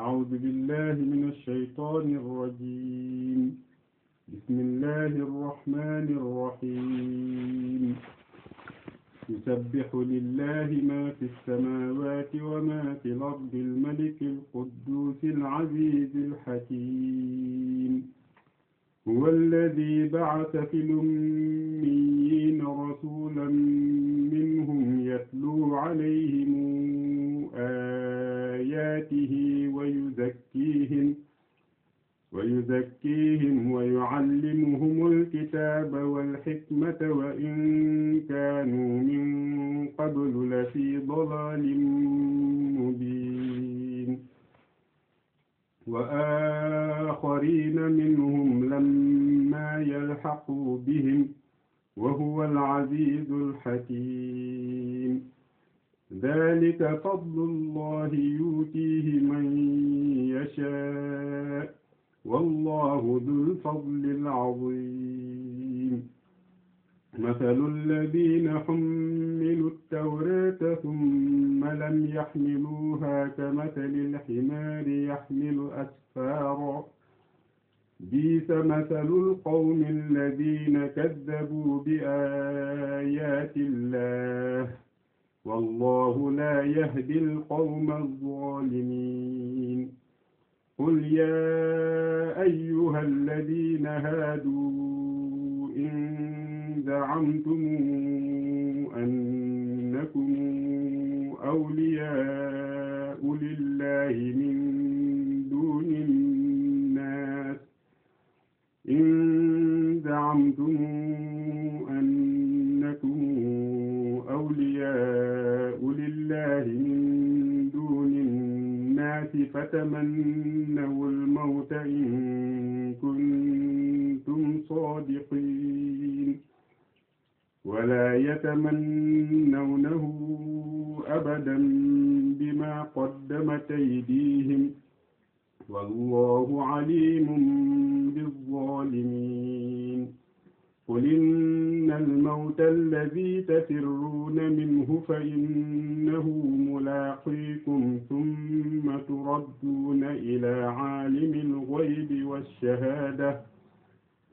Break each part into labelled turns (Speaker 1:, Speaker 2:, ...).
Speaker 1: أعوذ بالله من الشيطان الرجيم بسم الله الرحمن الرحيم يسبح لله ما في السماوات وما في الأرض الملك القدوس العزيز الحكيم هو الذي بعث في الأميين رسولا منهم يتلو عليهم آه آياته ويزكيهم ويزكيهم ويعلمهم الكتاب والحكمة وإن كانوا من قبل لفي ضلال مبين وآخرين منهم لما يلحقوا بهم وهو العزيز الحكيم ذلك فضل الله يؤتيه من يشاء والله ذو الفضل العظيم مثل الذين حملوا التوراة ثم لم يحملوها كمثل الحمار يحمل أسفارا بئس مثل القوم الذين كذبوا بآيات الله والله لا يهدي القوم الظالمين قل يا أيها الذين هادوا إن زعمتم أنكم أولياء لله من دون الناس إن زعمتم فتمنوا الموت إن كنتم صادقين ولا يتمنونه أبدا بما قدمت أيديهم والله عليم بالظالمين قل إن الموت الذي تفرون منه فإنه ملاقيكم ثم تردون إلى عالم الغيب والشهادة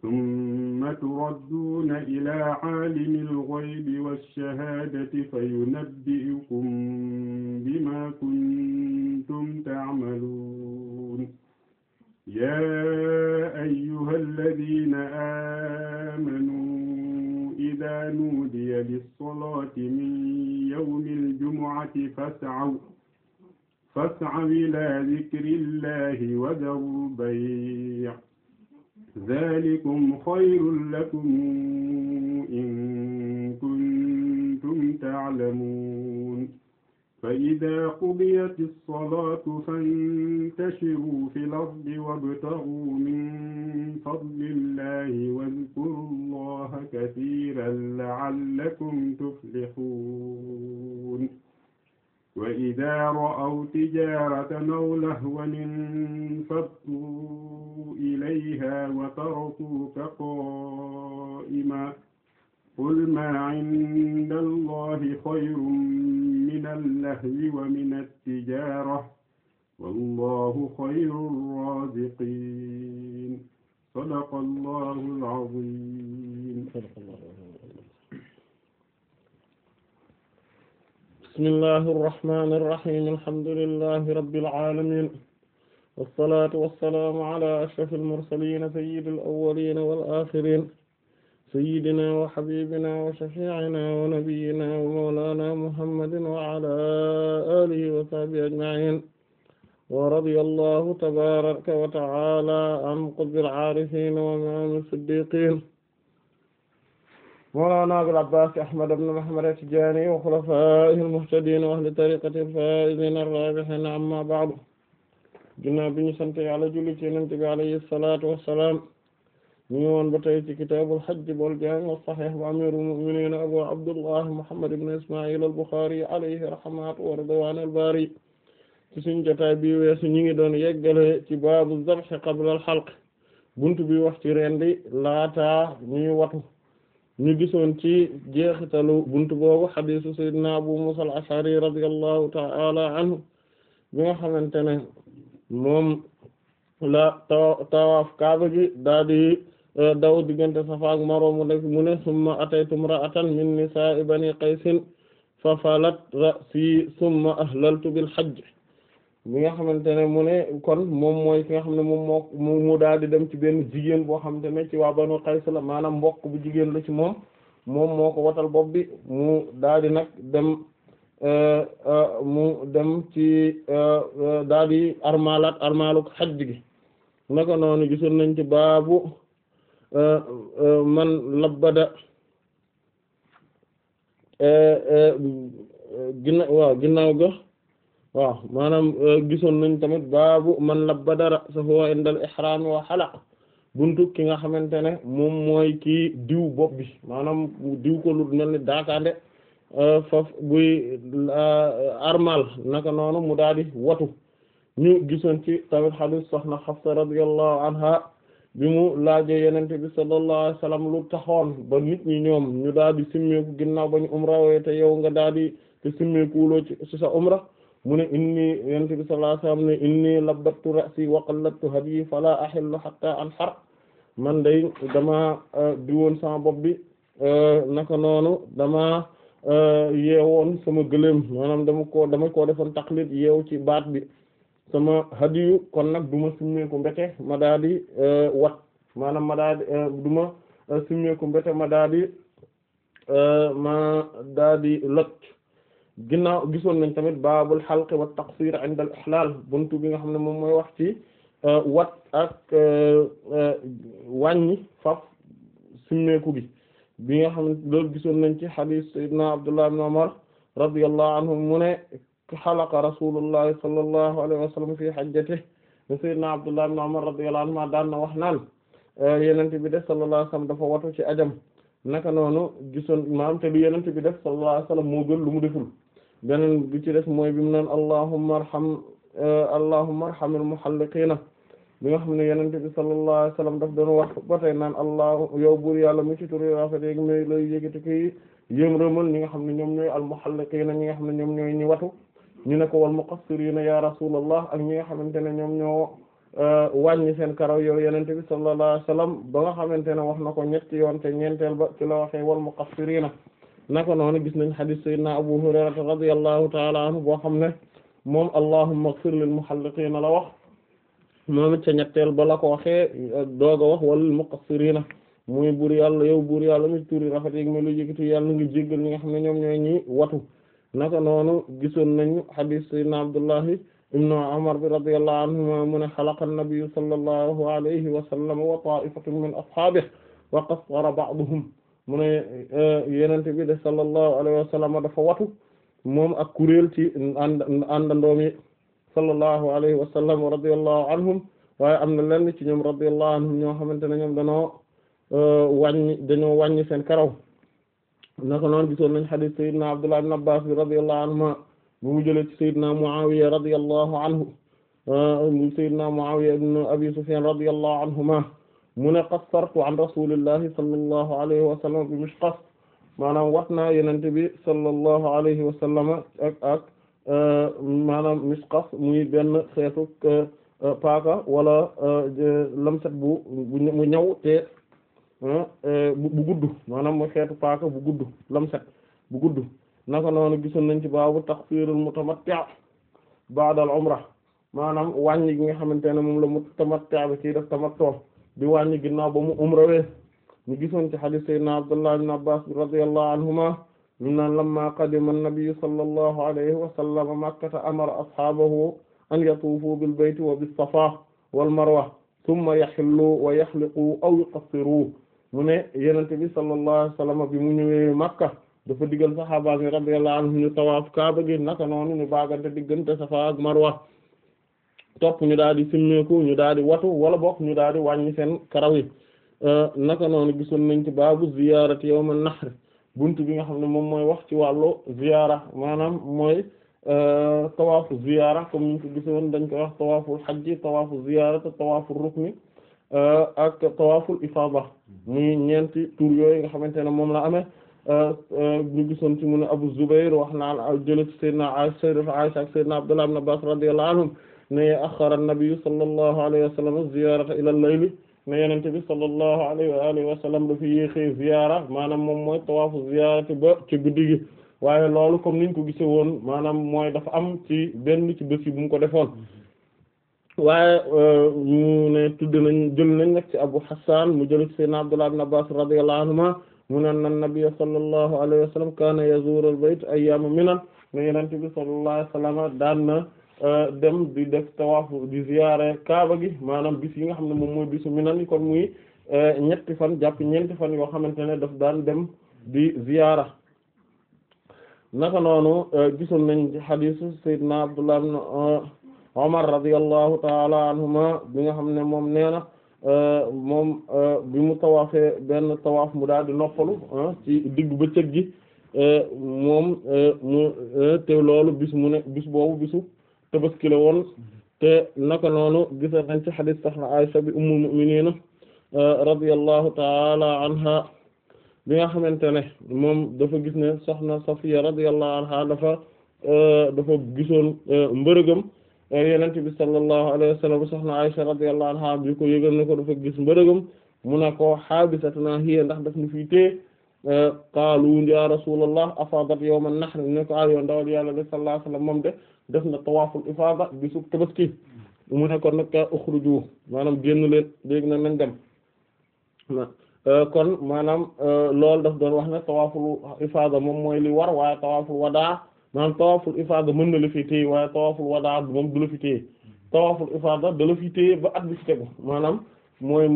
Speaker 1: ثم تردون إلى عالم الغيب والشهادة فينبئكم بما كنتم تعملون يا أيها الذين آمنوا إذا نودي للصلاة من يوم الجمعة فاسعوا فاسعوا إلى ذكر الله وذروا البيع ذلكم خير لكم إن كنتم تعلمون فإذا قضيت الصلاة فانتشروا في الأرض وابتغوا من فضل الله واذكروا الله كثيرا لعلكم تفلحون وإذا رأوا تجارة أو لهوا انفضوا إليها وتركوك قائما قل ما عند الله خير من اللهو ومن التجارة والله خير الرازقين صدق الله العظيم
Speaker 2: بسم الله الرحمن الرحيم الحمد لله رب العالمين والصلاة والسلام على أشرف المرسلين سيد الأولين والآخرين sayyidina wa habibina wa shafi'ina wa nabiyyina wa mawlana muhammadin wa ala alihi wa sahbihi ajma'in wa radiyallahu tabaraka wa ta'ala an qutbil arifin wa imam siddiqin mawlana abil abbas ahmad ibn muhammad at-tijani wa khulafa'ihi al-muhtadin wa ahli tariqatihi al-faizin ar-rabihin amma ba'du ginnaaw bi ñu sant Yàlla julli ci Yonent bi alayhi salatu wassalam ñu ngi woon ba tey ci kitaabul hajj bol jaami as-sahih ba amirul mu'minin abu abdullah muhammad ibn isma'il al-bukhari alayhi rahmatu wa ridwan al-bari ci suñu bi weesu ñu ngi doon yeggale ci baabu zabh qabla al-halq bunt bi wax ci rendi laata ñuy watu ñu gisoon ci jeexitalu bunt boobu hadiisu sayyidina abu musa al-ash'ari radiyallahu ta'ala anhu bi nga xamante ne moom la tawaaf kaaba gi daal Euh, daw diggante Safa ak Marwa mu nekk mu ne summa ataytu imra'atan min nisaa'i bani qaysin fa falat si summa ahlaltu bil hajj bi nga xamante ne mu ne kon moom mooy ki nga xam ne moom moo mu daal di dem ci benn jigéen boo xam ne ci waa banu qays la maanaam mbokk bu jigéen la ci moom moom moo ko watal bopp bi mu daal di nag dem euh, euh, mu dem ci daldi di armalaat armaaluk hajj gi naka noonu gisoon nañ ci baabu Euh, euh, man labbada euh, ginna waaw ginnaaw ga waaw maanaam gisoon nañ tamit baabu man labbada ra'sahu indal ihram wa halaq buntu ki nga xamante ne moom mooy ki diw bopp bi maanaam diw ko lu mel ni daakaande naka noonu mu daal di watu gisoon ci tamit hadith soxna Hafsa radiyallahu anha bi mu laajee yenente bi sallallahu alayhi wasallam lu taxoon ba nit ñi ñoom ñu daal di ginnaaw ba ñu umra wooye te yow nga daal di te simmeekuwuloo ci ci sa umra mu ne inni yenente bi sallallahu alayhi wasallam ne inni labbattu ra'si wa qallattu hadiyi fala ahillu hatta anhar man day dama euh, diwoon sama bopp bi euh, naka noonu dama euh, yeewoon sama gëléem maanaam dama ko dama ko defoon taqlid yeew ci baat bi sama hadiyu kon nag du ma simmeeku mbete ma daa di euh, wat maanaam ma daa di euh, du ma euh, simmeeku mbete ma daa di ma daa di ginnaaw gisoon nañ tamit baabul xalq wa taqsir inda al buntu bi nga xam ne moom mooy wax ci wat ak wàññi faf simmeeku bi bi nga xam ne loolu gisoon nañ ci hadith sayyidina abdullah ibn umar radiyallahu anhum mu ne xalaqa rasulullahi sallallahu alayhi wa sallam fi hajjatihi sayyidina Abdullah ibn Umar radiyallahu anhuma daan na wax naan eh, yenente bi def sallallahu alayhi wa sallam dafa watu ci ajam naka noonu gisoon maam te lu yenente bi def sallallahu alayhi wa sallam moo gën lu mu deful beneen bi ci def mooy bi mu naan allahumma arham eh, allahumma arhamil muhalliqiina bi nga xam ne yenente bi sallallahu alayhi wa sallam daf doon wax ba tey naan allahu yow buur yàlla mu ci turi rafet yéegi may lay yéegati koy yëm rëmal ñi nga xam ne ñoom ñooy almuhalliqiina ñi nga xam ne ñoom ñooy ñi ñu ne ko wal muqassirina ya rasulallah ak ñi nga xamante ne ñoom ñoo euh, wàññi seen karaw yow yenente bi sallallahu alayhi wasallam ba nga xamante ne wax na ko ñetti yoon te ñeenteel ba ci la waxee wal muqassirina naka noonu gis nañ hadith sayyidina abu hurairah radiyallahu ta'ala anhu boo xam ne moom allahumma ighfir lil muhalliqina la wax moom it ca ñetteel ba la ko waxee doog a wax wal muqassirina muy buur yàlla yow buur yàlla mi turi rafet yi ma lu yëkkatu yàlla nga jéggal ñi nga xam ne ñoom ñooy ñi watu naka noonu gisoon nañu hadith sayyidina Abdullahi ibn Umar bi radiyallahu anhuma mu ne xalaqa an-nabiyyu sallallahu alayhi wa sallam wa ta'ifatun min ashaabihi wa qassara ba'duhum mu ne e, yenente bi de sallallahu alayhi wa sallam watu moom ak kuréel ci ànd àndandoom yi sallallahu alayhi wa sallam radiyallahu anhum waaye am na lenn ci ñoom radiyallahu anhum ñoo xamante ne ñoom dañoo e, wàññi dañoo wàññi seen karaw naka noonu gisoon nañ xadis sayyidina Abdullah ibn Abbas bi radiyallahu anhuma bu mu jëlee ci sayyidina Muawiya radiyallahu anhu ah, sayyidina Muawiya ibn Abi Sufyan radiyallahu anhuma mu ne qassartu an rasulillahi sallallahu alayhi wa sallam bi Mishqas maanaam wat naa yonent bi sallallahu alayhi wa sallam ak ak ah, maanaam Mishqas muy benn xeetu ah, paaka wala lamset bu bu ñëw te Euh, bu gudd maanaam mooy xeetu paaka bu gudd lamset bu gudd naka noonu gisoon nañ ci baabu taxfiirul mutamatti' ba'dal umra maanaam wàññi gi nga xamante ne moom la mutamatti' bi ci def tamattu di wàññi ginnaaw ba mu umrawee ñu gisoon ci hadith sayyidina Abdullah ibn Abbas radiyallahu anhuma min naan lamma qadima an-nabi sallallahu alayhi wa sallam makkata amara ashaabahu an yatuufu bil bayti wa bis safa wal marwa thumma yahillu wa yahliqu aw yuqassiru mu ne yenente bi sallallahu alayhi wa sallam bi mu ñëwee Makka dafa diggal sahaaba mi radiyallahu anhum ñu tawaaf kaaba gi naka noonu ñu baagante diggante Safa ak Marwa topp ñu daal di simmeeku ñu daal di watu wala bokk ñu daal di wàññi seen karaw yi euh, naka noonu gisoon nañ ci baabu ziyaarati yawm an-nahr bunt bi nga xam ne moom mooy wax ci wàllu ziyaara maanaam mooy euh, tawaafu ziyaara comme ñu ko gisoon dañ koy wax tawaaful hajji tawaafu ziyaara mi Euh, ak tawaaful ifaada muy ñeenti tur yooyu nga xamante ne moom la amee euh, euh, ñu gisoon ci mu ne Abu Zubayr wax naan jële ci Seydina Aisha ak Seydina Abdullah ibn Abbas radiyallahu anhum ne axara an-nabi sallallahu alayhi wa sallam ziyarata ila al-layl ne yenente bi sallallahu alayhi wa alihi wa sallam dafa yéexee ziyaara maanaam moom mooy tawaafu ziyaarati ba ci guddi gi waaye loolu comme niñ ko gise woon maanaam mooy dafa am ci benn ci bés yi bu mu ko defoon waaye mu euh, ne tudd nañ jël nañ nag ci Abu Hassan mu jël ci Sayyidina Abdullah ibn Abbas radiyallahu anhuma mu ne nan nabiyyu sallallahu alayhi wa sallam kaana yazuru al-bayt ayyaama minan ne Yonent bi sallallahu alayhi daan na euh, dem di def tawaaf di ziyaare Kaaba gi maanaam bis yi nga xam ne moom mooy bisu minan kon muy euh, ñetti fan jàpp ñeenti fan yoo xamante ne daf daan dem di ziyaara naka noonu gisoon nañ ci hadiisu Sayyidina Abdullah ibn Umar radiyallahu taala anhuma bi nga xam ne moom nee na euh, moom euh, bi mu tawaafee benn tawaaf mu daal di noppalu ah, ci diggu bëccëg gi euh, moom mu te loolu bis mu ne bis boobu bisu tabaski la woon te naka noonu gisa nañ ci xadis sax na Aysa bi ummul mu'miniina taala anha bi nga xamante ne moom dafa gis ne soxna Safiya radiyallahu anha dafa dafa gisoon mbërëgam Yonent bi sallallahu alayhi wa sallam soxna Aysa radiyallahu anha bi ko yëgal na ko dafa gis mbërëgam mu ne ko naa hiya ndax def ñu fii tee qaalu ya rasulallah afadat yawma nahr ne ko a yoon ndawal yàlla de sallallahu alayhi wa sallam moom de def na tawaaful ifaada bisu tabaski mu ne ko nag uxruju maanaam génn leen léegi na nañ dem kon maanaam loolu daf doon wax ne tawaaful ifaada moom mooy li war waaye tawaaful wadaa maanaam tawaful ifaada mën na la fi téye waaye tawaful wadaa moom du la fi téye tawaful ifaada da la fi téye ba at bi ci tegu maanaam mooy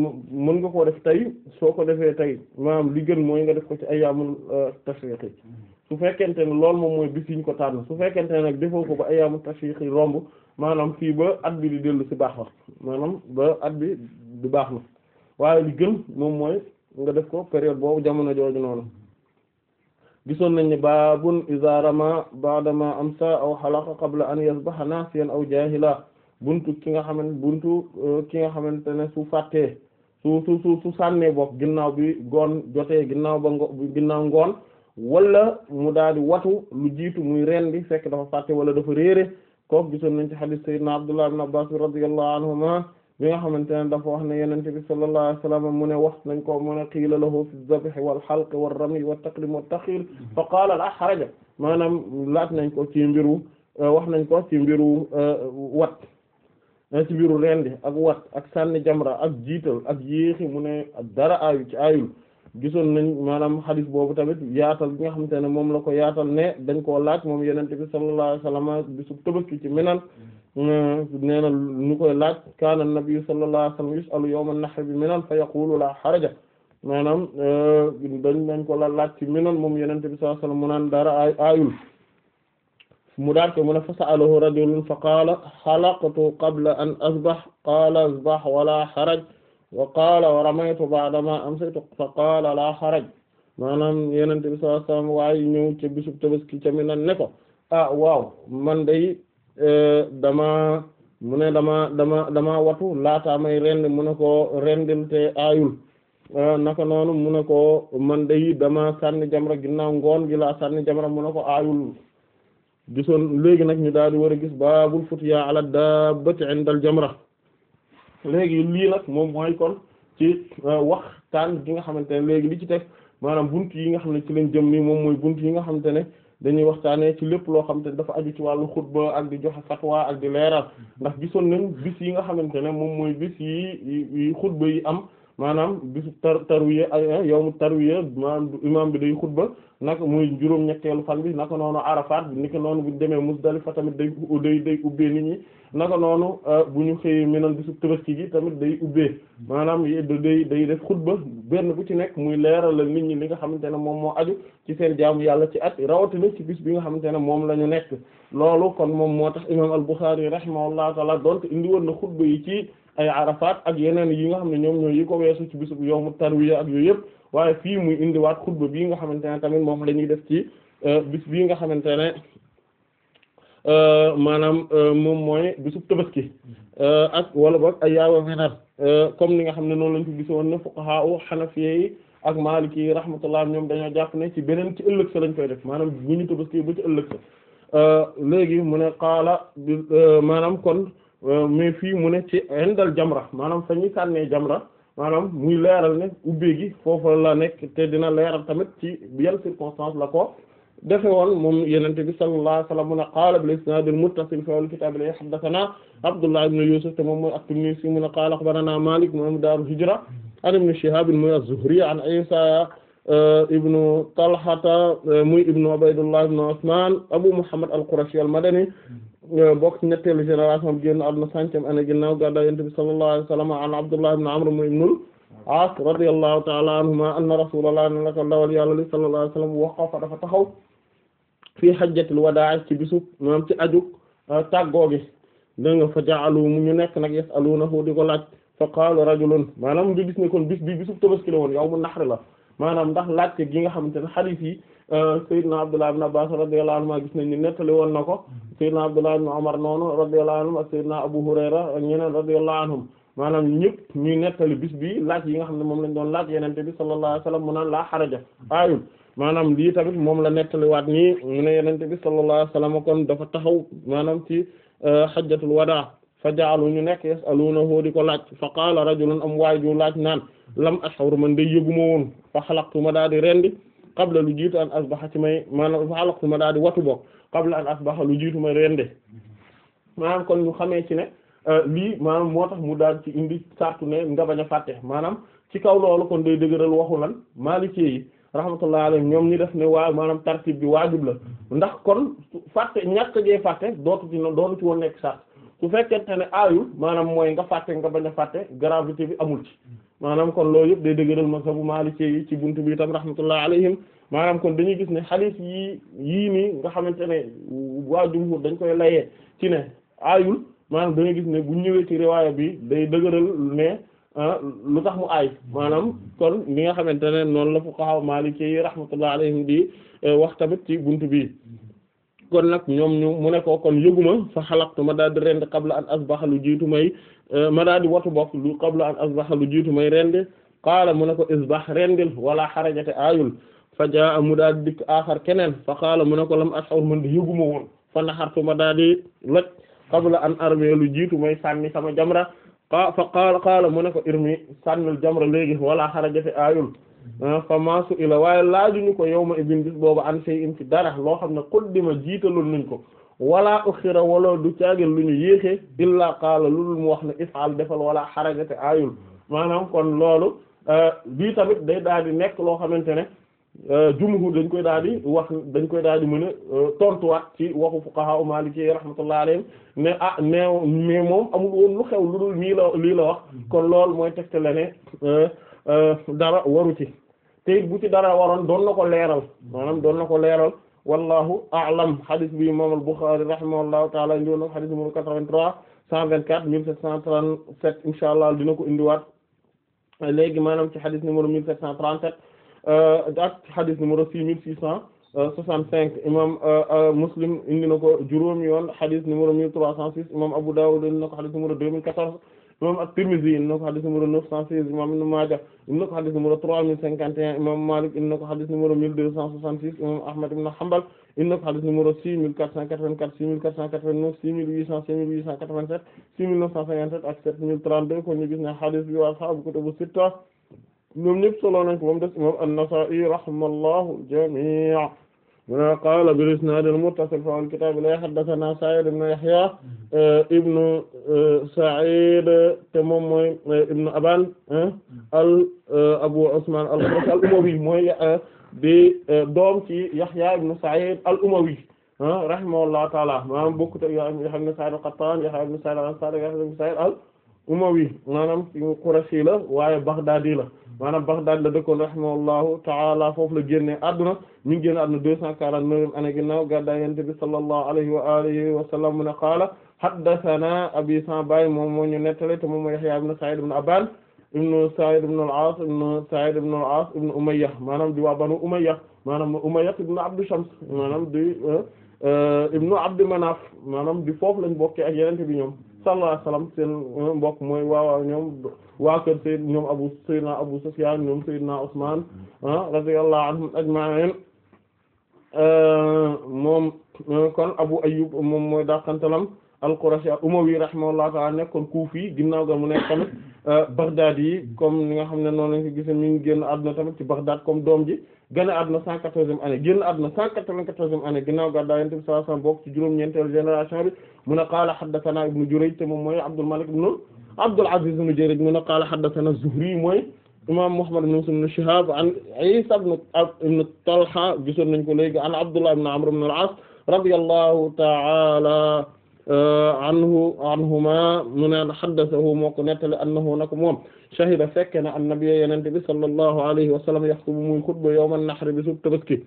Speaker 2: mën nga koo def tey soo ko defee tey maanaam li gën mooy nga def ko ci ayyaamul euh, tashriq su fekkente ne loolu moom mooy bis yi ñu ko tànn su fekkente ne nag defoo ko ba ayyaamul tashriq romb maanaam fii ba at bi di dellu ci baax na maanaam ba at bi di baax na waaye li gën moom mooy nga def ko période boobu jamono jooju noonu gisoon nañ ne baabun iza rama ba'dama amsa aw xalaqa qabla an yasbaha nasiyan aw jahila buntu ki nga xamante buntu euh, ki nga xamante ne su fàttee su su su sànnee bopp ginnaaw bi goon jotee ginnaaw ba ngo ginnaaw ngoon wala mu daal di watu lu jiitu muy ren di fekk dafa fàtte wala dafa réere kooku gisoon nañ ci hadith sayyidina Abdullah ibn Abbas radiyallahu anhuma bi nga xamante ne dafa wax ne yenente bi sallallahu alayhi wasallam mu ne wax nañ ko mu ne qiila lahu fi dhabh wal halq wal ramy wa taqlim a takhil fa qaala al ahraja maanaam laaj nañ ko ci mbiru wax nañ ko ci mbiru euh, wat ci mbiru rendi ak wat ak sànni jamra ak jiital ak yéexi mu ne dara ayu ci ayul gisoon nañ maanaam xadis boobu tamit yaatal bi nga xamante ne moom la ko yaatal ne dañ koo laaj moom yenente bi sallallahu alayhi wasallam bisub tabaski ci Minan mm-hmm. nee na ñu koy laaj kaana nabi sallallahu alayhi wasallam yus'alu yawma bi Minan fa yaqulu la haraja maanaam euh, dañ dañ ko la laaj ci Minan moom yenente bi sallallahu alayhi mu naan dara mu daat ko mu ne fa sa'alahu rajulun fa qaala xalaqtu qabla an asbah qaala asbah wala haraj wa qaala wa ramaytu ba'dama amsaytu fa qaala la xaraj maanaam yenente bi sallallahu alayhi wasallam waaye ñëw ca bisub tabaski ca mi ne ko ah waaw man day e, dama mu ne dama dama dama watu laataa may rendi mu ne ko rendil te aayul e, naka noonu mu ne ko man day dama sànni jamra ginnaaw ngoon gi laa sànni jamra mu ne ko aayul gisoon léegi nag ñu daal di war a gis baabul futya ala dabbati indal jamra léegi lii nag moom mooy kon ci euh, waxtaan gi nga xamante ne léegi li ci teg maanaam bunt yi nga xam ne ci lañ jëm nii moom mooy bunt yi nga xamante ne dañuy waxtaanee ci lépp loo xamante ne dafa aju ci wàllu xutba ak di joxe fatwa ak di leeral ndax gisoon nañ bis yi nga xamante ne moom mooy bis yi yi xutba yi am maanaam bisu tar tarwiya ay yawmu tarwiya maanaam imaam bi day xutba naka muy juróom ñetteelu fan bi naka noonu Arafat bi naka noonu bu demee Musdalifa tamit day day day ubbee nit ñi naka noonu euh, bu ñu xëyee meneen bisu Tabaski gi tamit day ubbee maanaam day day def xutba benn bu ci nekk muy leeral la nit ñi li nga xamante ne moom moo aju ci seen jaamu yàlla ci at rawatina ci bis bi nga xamante ne moom la ñu nekk loolu kon moom moo tax imaam al-Bukhari rahimahullahu taala donte indi woon na xutba yi ci. ay arafat ak yeneen yi nga xam ne ñoom ñooy yi ko weesu ci bisub yowmu tarwiya ak yooyu yëpp waaye fii muy indiwaat xutba bii nga xamante ne tamit moom la ñuy def ci euh, bis bii nga xamante ne euh, maanaam euh, moom mooy bisub tabaski ak wala boog ay yaawa fenar comme ni nga xam ne noonu lañ ko gisoon ne fuqaha u xanafiye yi ak maliki yi rahmatullah ñoom dañoo jàpp ne ci beneen ci ëllëg sa lañ koy def maanaam bi ñu tabaski ba ci ëllëg sa léegi mu ne qaala maanaam kon Euh, mais fii mu ne ci indal jamra maanaam fa ñuy sànnee jamra maanaam muy leeral ne ubbee gi foofa la nekk te dina leeral tamit ci yan circonstance la ko defe woon moom yenente bi sallallahu alayhi wa sallam mu ne qaala bil isnaadil muttasil fi al-kitaab li haddathanaa Abdullah ibn Yusuf te moom mooy at-Tinnisi mu ne qaala akhbaranaa Maalik moom daaru hijra an ibn Shihaab mooy az-Zuhri an Iisaa euh, ibnu Talhata euh, muy ibnu Ubaydullah ibnu Usmaan Abu Muhammad al-Qurashi al-Madani bokk ci ñetteelu génération bi génn àdduna centième année ginnaaw gàddaay Yonent bi sallallahu alayhi wa sallam an Abdullah ibn Amr ibn al-As radiyallahu ta'ala anhuma anna Rasulullah na ko ndawal Yàlla li sallallahu alayhi wa sallam waqafa dafa taxaw fii hajjatul wadaa ci bisu maanaam ci aju ah, tàggoo gi dégg nga fa ja'alu mu ñu nekk nag yas'alunahu di ko laaj fa qaala rajulun maanaam nga gis ne kon bis bi bisu Tabaski la woon yawmu nahr la maanaam ndax laajte gi nga xamante ne hadith yi Euh, Seydina Abdullah ibn Abbas radiyallahu anhuma gis nañ ni nettali woon na ko Seydina Abdullah ibn Umar noonu radiyallahu anhum ak Seydina Abu Hurayra ak maanaam ñëpp ñuy nettali bis bi laaj yi nga xam ne moom lañ doon laaj yenente bi sallallahu alayhi wasallam mu naan laa xaraja aayul maanaam lii tamit moom la nettaliwaat nii mu ne yenente bi sallallahu alayhi wasallam kon dafa taxaw maanaam ci hajjatul euh, wadaa fa jaalu ñu nekk yasaluunahu di ko laaj fa qaala rajulun am waay ju laaj naan lam ashur man day yëguma woon fa xalaqtu ma daa di rendi qabla lu jiitu an asbaxa ci may maanaam fa xalaqtu ma daal di watu bokk qabla an asbaxa lu jiitu may rende maanaam kon ñu xamee ci ne euh, lii maanaam moo tax mu daal ci indi sartu ne nga bañ a fàtte maanaam ci kaw loolu kon day dëgëral waxu lan maalikee yi rahmatullah alayhi ñoom ñi def ne waa maanaam tartib bi waajib la ndax kon fàtte ñàkk gee fàtte dootu ci doonu ci woon nekk sart su fekkente ne aayul maanaam mooy nga fàtte nga bañ a fàtte gravité bi amul ci maanaam kon loolu yëpp day dëgëral mazhabu Maliki yi ci buntu bi itam rahmatullah alayhim maanaam kon dañuy gis ne xalis yii yii nii nga xamante ne waa jumhur dañ koy layee ci ne aayul maanaam dañuy gis ne bu ñëwee ci riwaaya bi day dëgëral ne ah, lu tax mu aay maanaam kon li nga xamante ne noonu la fuqaha Maliki yi rahmatullah alayhim di eh, wax tamit ci bunt bi kon nag ñoom ñu mu ne ko kon yëguma fa xalaqtu ma daal di rend qabla an asbaha lu jiitu may euh, ma daal di watu bokk lu qabla an asbaha lu jiitu may rendi qaala mu ne ko isbah rendil wala xarajate aayul fa jaa mu daal di dikk aaxar keneen fa qaala mu ne ko lam ash'ur man di yëguma woon fa naxartu ma daal di loj qabla an armi jiitu may sànni sama jamra fa qaala mu ne ko irmi sànnil jamra léegi wala xarajate ayul Ah, fama su ila waaye laajuñu ko yawma idin bis booba an shay'in ci dara loo xam ne quddima jiitaloon nañ ko walaa uxira wala du caagin lu ñu yéexee illa lu lulul mu wax ne al defal wala xarajate ayul maanaam kon loolu bii ah, tamit day daal di nekk loo xamante ne ah, jumhur dañ koy daal di wax dañ koy daal di mën a tontuwaat ci waxu fuqaha maliki rahmatullah alayhim ne ah neew mais moom amul woon lu xew lu dul nii la lii la wax mm-hmm. kon loolu mooy tegte la ne Euh, dara waru ci te bu ci dara waroon doon na ko leeral maanaam doon na ko leeral wallahu a'lam xadis bi imam al-Bukhari rahimahullahu taala indiwoon na xadis numéro 83 124 1737 insha allah dina ko indiwaat léegi maanaam ci xadis numéro 1737 euh, ak xadis numéro 6665 imam euh, Muslim indi na ko juróomi yoon xadis numéro 1306 imam Abu Dawud indi na ko xadis imam at-Tirmidhi indi na ko xadis numéro 916 imam Ibn Maaja indi na ko xadis numéro 3051 imam Malik indi na ko xadis numéro 1266 imam Ahmad ibn Hanbal indi na ko xadis numéro 6484 6489 6800 6887 6957 ak 7032 kon ñu gis ne xadis bi wa ashaabu kutubu sitta ñoom ñëpp solo nañ ko moom des imam an-Nasa'i rahimahullahu muna qaala bil isnaad al muttasil fil kitaab la haddathanaa Sa'iid ibn Yahya eh, ibn eh, Sa'iid te moom mooy eh, ibn Abaan al Abu Usmaan al Qurashi al Umawi mooy di doom ci Yahya ibn Sa'iid al Umawi rahimahullahu ta'aala maanaam bokkut ak Yahya ibn Sa'iid al Qattaan Yahya ibn Sa'iid al Ansaari Yahya ibn Sa'iid al umawi maanaam qurashi la waaye baghdadi la maanaam baghdadi la dëkkoon rahimahullahu ta'ala foofu la génne adduna ñu ngi génne adduna deux cent quarante-neuf ana ginnaaw gaddaa yonent bi sallallahu alayhi wa alihi wa sallam mu ne qaala haddathana abi sa'ba moom moo ñu nettale te moom mooy yahya ibn sa'id ibn aban ibn sa'id ibn al-aas ibn sa'id ibn al ibn umayya maanaam di waa banu umayya maanaam umayya ibn abd shams maanaam di eh, eh, ibn abd manaf maanaam di foofu lañ bokkee ak yenente bi ñoom sallallahu alayhi wasallam seen mbokk mooy waawaaw ñoom waa kër Seyd ñoom Abu Seydina Abu Sufyan ñoom Seydina Usman ah, radiyallahu anhum ajma'in euh, moom euh, kon Abu Ayyub moom mooy daqantalam al-Qurashi al-Umawi rahimahullahu ta'ala nekkoon Kufi ginnaaw ga mu nekk tamit euh, Baghdadi yi comme nga xam ne noonu lañ ko gisee mi ngi génn tamit ci Baghdad comme doom ji gën a àdduna cent quatorzième année génn àdduna quatre-vingt-quatorzième année ginnaaw ga daa Yonent bi sallallahu ci juróom-ñeenteelu génération bi mu ne qaala haddathana ibnu Jurayj te moom mooy Abdul Malik ibnu Abdul Aziz ibnu Jurayj mu ne qaala haddathana Zuhri mooy imam Muhammad ibn Muslim ibn Shihab an Isa ibn Talha gisoon nañ ko léegi an Abdullah ibn Amr ibn al-As radiyallahu ta'ala uh, anhu anhuma mu ne haddathahu moo ko nettale annahu nako moom shahida fekke na an-nabiy yenente bi sallallahu alayhi wa sallam yaxtubu muy xutba yawman nahr bi sub tabaski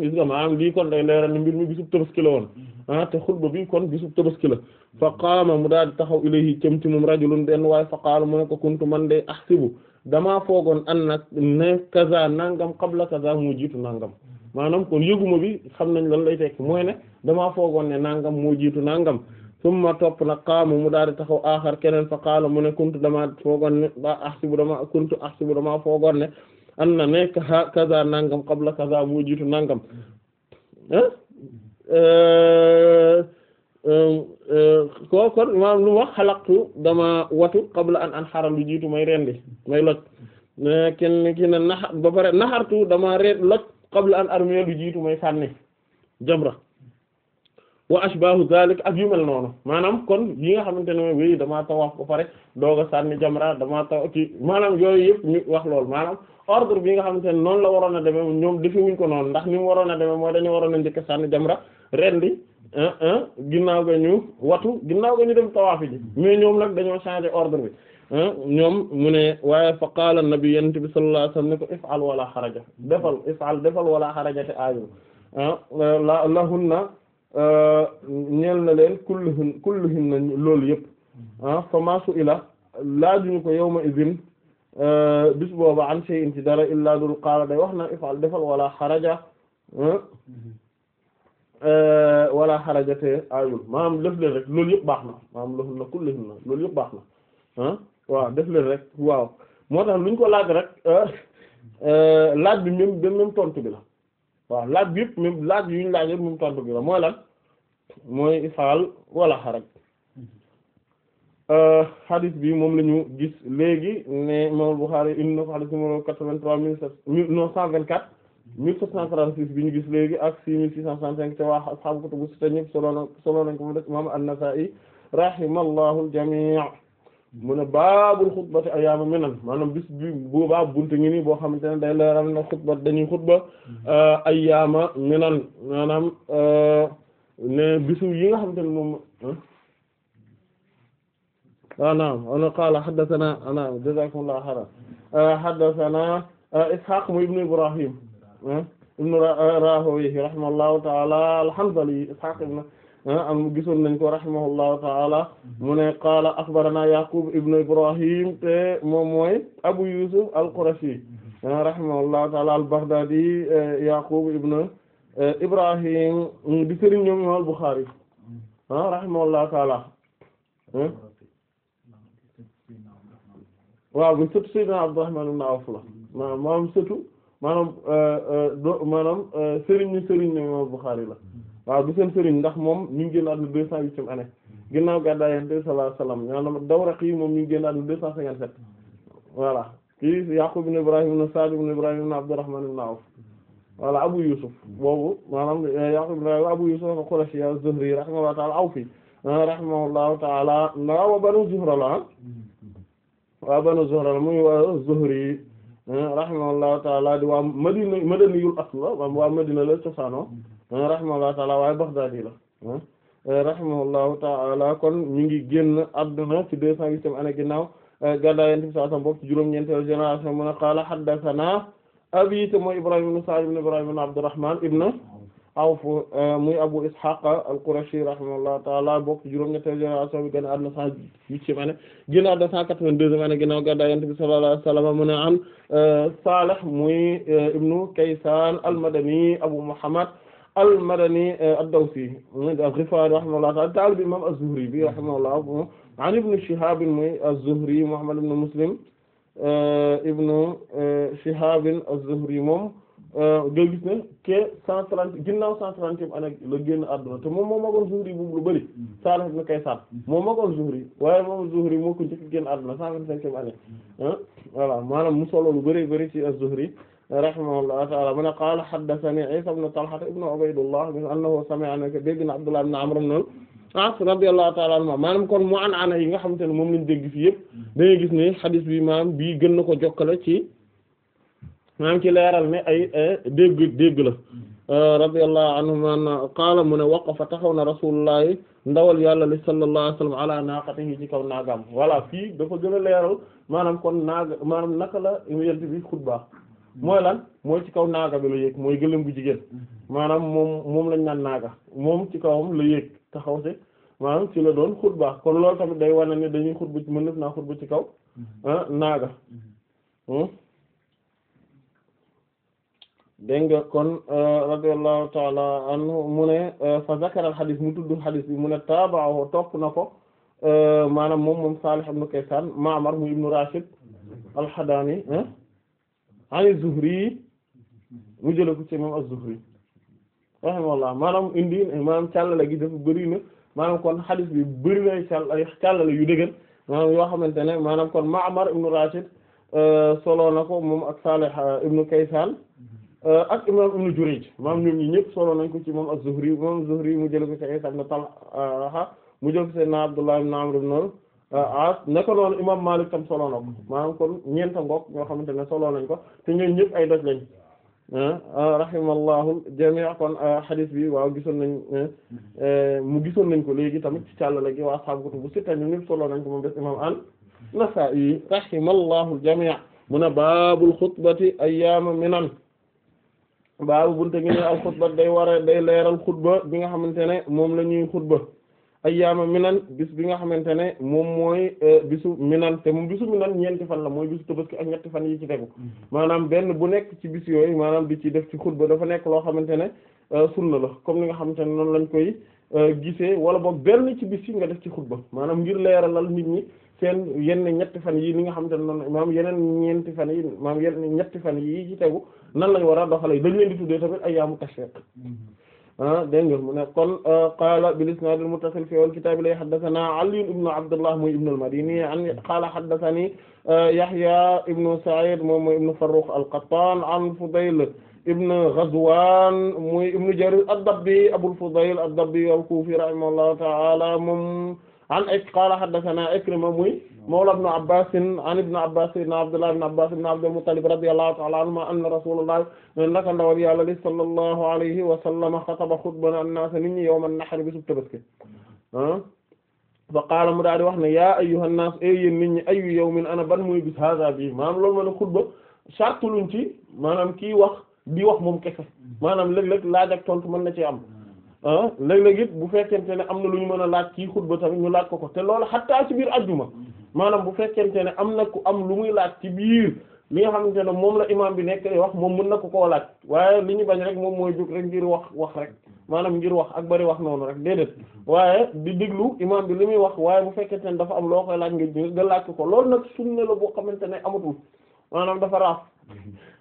Speaker 2: gis nga maanaam lii kon day leeral ne mbir mi bisub tabaski la woon mm-hmm. ah te xutba bi kon bisub tabaski la fa qaama mu daal di taxaw ilayhi cëm ci moom rajulun benn waaye fa qaala mu ne ko kuntu man de ahsibu damaa foogoon an nag ne kaza nangam qabla kaza mu jiitu nangam mm-hmm. maanaam kon yëguma bi xam nañ lan lay tekk mooy ne damaa foogoon ne nangam mu jiitu nangam summa topp na qaama mu daal di taxaw aaxar keneen fa qaala mu ne kuntu damaa foogoon ne ba ahsibu damaa kuntu ahsibu damaa foogoon ne an na nekk ha kaza nangam qabla kaza mu jiitu nangam euh, euh, euh, ko kon maanaam lu wax xalaqtu dama watu qabla an an xaral lu jiitu may rendi may loj kenn ki ne naxa ba pare naxartu dama reet loj an armiya lu jiitu may sànni jamra wa ashbahu zalik ak yu noonu maanaam kon yi nga xamante ne mooy wéy damaa tawaaf ba pare doog a sànni jamra damaa taw maanaam yooyu yëpp ñu wax loolu maanaam ordre bii nga xamante ne noonu la waroon a demee ñoom defewuñ ko noonu ndax ni mu waroon a demee mooy dañu waroon a njëkk sànni jamra rendi ginnaaw ga ñu watu ginnaaw ga ñu dem tawaaf ji mais ñoom nag dañoo changer ordre bi ñoom mu ne waaye fa qaala nabi yent bi sallallahu alayhi wasallam ne ko if'al wala xaraja defal if'al defal wala xaraja te aaju lahunna Euh, ñeel na leen kulluhun kulluhun na loolu yëpp mm-hmm. ah fa maasu ila laajuñu ko yawma izin euh, bis booba an shay'in ci dara illaa dul qaala day wax na ifal defal wala xaraja ah, mm-hmm. euh, wala xaraja te ayul maanaam def leen rek loolu yëpp baax na maanaam loolu na kulluhun na loolu yëpp baax na ah waaw def leen rek waaw moo tax luñ ko laaj rek laaj bi même même tontu bi la waaw laaj bi yëpp même laaj yu laaj yëpp même tontu bi la mooy lan mooy ifaal wala xaraj xadis euh, bi moom lañu gis léegi ne moom Bukhari indi na ko xadis numéro quatre-vingt-trois mille sept mille neuf cent vingt-quatre mille sept cent trente bi ñu gis léegi ak six mille six cent soixante-cinq te waa ashaabu kutubu sitta ñépp solo solo nañ ko mu def imaam An-Nasaa'i rahimallahu al-jamii' mu ne baabul xutbati ayaamu minan day leeral na xutba dañuy xutba mm-hmm. euh, ayaama minan maanaam euh, ne bisu yi nga xamante ne moom ah naam ana qaala haddathana ana jazakumullahu khairan ah, haddathana ah, Ishaq mu ibnu Ibrahim ibnu Rahawayhi ah, rahimahullahu ta'ala al-Hanzali Ishaq ibnu am gisoon nañ ko rahimahullahu ta'ala mu ne qaala akhbarana Yaqub ibnu Ibrahim te moom mooy Abu Yusuf al-Qurashi rahimahullahu ta'ala al-Baghdadi eh, Yaqub ibnu Euh, Ibrahim mm, di sëriñ ñoom imam Bukhari ah rahimahullahu taala waaw bi sëtu Sayyidina Abdurrahman ibn Awf la maanaam maanaam sëtu maanaam euh, euh, maanaam sëriñ ñu sëriñ ñoom imam Bukhari la waaw bi seen sëriñ ndax moom ñu ngi génn àdduna deux cent huitième année ginnaaw gàddaay Yonent bi sallallahu alayhi wasallam ñaanam moom ñu ngi génn àdduna deux cent cinquante-sept voilà kii Yaqub ibn Ibrahim ibn Sa'd ibn Ibrahim ibn Abdurrahman ibn Awf voilà Abu Yusuf boobu maanaam eh, yaqub Abu Yusuf al-Qurashi az-Zuhri rahimahullahu ta'ala awfi eh, rahimahullahu ta'ala na wa Banu Zuhra la ah? wa Banu Zuhra la muy wa az-Zuhri eh, ta'ala di waa Madina madaniyul asl waa Madina la cosaano rahimahullahu ta'ala waaye Baghdadi la rahimahullahu ta'ala kon ñu ngi génn adduna ci deux cent huitième année ginnaaw gàddaay Yonent bi sallallahu juróom-ñeenteelu génération mu ne qaala haddathana Abi te mooy Ibrahim ibn Sa'id ibn Ibrahim ibn Abdurrahman ibn Awf euh, muy Abu Ishaq al-Qurashi rahimahullahu ta'ala bokk juróom-ñetteelu génération bi génn àdduna cent huitième année génn àdduna cent quatre-vingt-deuxième année ginnaaw gàddaay Yonent bi sallallahu alayhi wa sallam mu ne an euh, Salih muy euh, ibnu Kaysan al-Madani Abu Muhammad al-Madani ad-Dawsi muy al-Ghifari rahimahullahu ta'ala taalibu imam az-Zuhri bi rahimahullah an ibn Shihab muy az-Zuhri Muhammad ibn Muslim Euh, ibnu euh, Shihab az-Zuhri moom euh, nga gis ne ke cent trente ginnaaw cent trentième année la génn àdduna te moom moo magoon Zuhri bu lu bëri mm. Saalih ibn Kaysaan mm. moo magoon Zuhri waaye moom Zuhri moo ko njëkk génn àdduna cent vingt-cinquième année mm. ah, voilà maanaam mu solo lu bëri bëri ci az-Zuhri rahimahullah ta'ala mu ne qaala haddathanii Iisaa ibn Talha ibn Ubaydullah annahu sami'a dégg na Abdullah ibn Amr Anas radiyallahu ta'ala anhu maanaam kon mu an ana yi nga xamante ne moom lañ dégg fii yëpp da gis ne xadis bi maam bii gën na ko jokkale ci maanaam ci leeral ne ay eh, dégg dégg la eh, radiyallahu anhu maanaam qaala mu ne waqafa taxaw na rasulullahi ndawal yàlla li sallallahu alayhi wa sallam ala naaqatihi ci kaw naagaam voilà fii dafa gën a leeral maanaam kon naaga maanaam naka la yent bi xutba mooy lan mooy ci kaw naaga bi la yéeg mooy gëléem bu jigéen maanaam moom moom lañ naan naaga moom ci kawam la yéeg taxaw si maanaam ci la doon xutba kon lool tamit day wane ne dañuy xutba ci mën naf naa xutba kaw mhm. ah, naaga mhm. hmm? dégg nga kon euh, radiyallahu ta'ala anhu mu ne euh, fa zakara al xadis mu tudd xadis bi mu ne taabaahu topp na ko euh, maanaam moom moom Salih ibn Kaysan Ma'mar mu ibnu Rashid al-Hadani an az mu jële ko ci moom az-Zuhri rahimahullah maanaam indi maanaam càllale gi dafa bëri na maanaam kon xadis bi bëri na càll ay càllale yu dëgër maanaam yoo xamante ne maanaam kon ma Ma'mar ibnu Rashid euh, solo na ko moom ak Salih euh, ibnu Kaysan euh, ak imam ibnu Jurayj maanaam ñoom ñi ñëpp solo nañ ko ci moom az-Zuhri moom Zuhri mu jël ko ci Isa ibnu Talha mu jël ko naa na Abdullah ibn Amr ibn as naka noonu imam Malik tam solo na ko maanaam kon ñeenta ngoog ñoo xamante ne solo nañ ko te ñooñu ñëpp ay doj lañ Ah, ah, rahimallahu jami' kon ah, hadith bi waaw gisoon nañ eh, eh, mu gisoon nañ ko léegi tamit ci càllale gi waa ashaabu kutubu sitta ñu ñépp solo nañ ko moom des imam an-Nasa'i rahimallahu jami' mu ne baabul xutbati ayyaama minan baabu bunte gi ne al xutba day wara day leeral xutba bi nga xamante ne moom la ñuy xutba ay ayyaama minan bis bi nga xamante ne moom mooy euh, bisu minan te mu bisu minan ñeenti fan la mooy bisu ki ak ñetti fan yi ci tegu mm-hmm. maanaam benn bu nekk ci bis yooyu maanaam di ci def ci xutba dafa nekk loo xamante ne euh, sunna la comme ni nga xamante ne noonu lañ koy euh, gisee wala boog benn ci bis yi nga def ci xutba maanaam ngir leeralal nit ñi seen yenn ñetti fan yi ni nga xamante ne noonu maam yeneen ñeenti fan yi maam yenn ñetti fan yi ci tegu nan lañ war a doxalee dañ leen di tuddee tamit ayyaamu tashriq
Speaker 3: mm-hmm.
Speaker 2: Ah, dégg nga mu ne kon ah, qaala bil isnaad al muttasil fi al kitaab lay haddasanaa Ali ibn Abdullah mooy ibn al Madini an qaala haddasanii ah, Yahya ibn Sa'id moom mooy ibn Farrukh al Qattaan an Fudayl ibn Ghazwan mooy ibn Jarir ad-Dabbi Abul Fudayl ad-Dabbi al-Kufi rahimahullahu ta'ala moom an ek qaala haddathana Ikrima muy mawla ibn Abbas an ibn Abbas ibn Abdullah ibn Abbas ibn Abdul Muttalib radiyallahu ta'ala anhuma anna Rasulullah naka ndawal yàlla li sallallahu alayhi wa sallam xataba xutbana an-naasa nit ñi yawma an-nahr bi sub Tabaski fa qaala mu daal di wax ne yaa ayyuhan naas ay yéen nit ñi ayyu yawmin ana ban muy bis haaza bi maanaam loolu ma ne xutba sartuluñ ci maanaam kii wax di wax moom kese maanaam léeg-léeg laaj ak tontu mën na ci am Ah léeg-léeg it bu fekkente ne am na lu ñu mën a laaj kii xutba tamit ñu laaj ko ko te loolu xattaa ci biir ajjuma maanaam bu fekkente ne am na ku am lu muy laaj ci biir li nga xamante ne moom la imaam bi nekk wax moom mën na ko koo laaj waaye li ñu bañ rek moom mooy jóg rek ngir wax wax rek maanaam ngir wax ak bari wax noonu rek déedéet waaye di diglu imaam bi li muy wax waaye bu fekkente ne dafa am loo koy laaj nga nga laaj ko ko loolu nag sunna la boo xamante ne amatul maanaam dafa raaf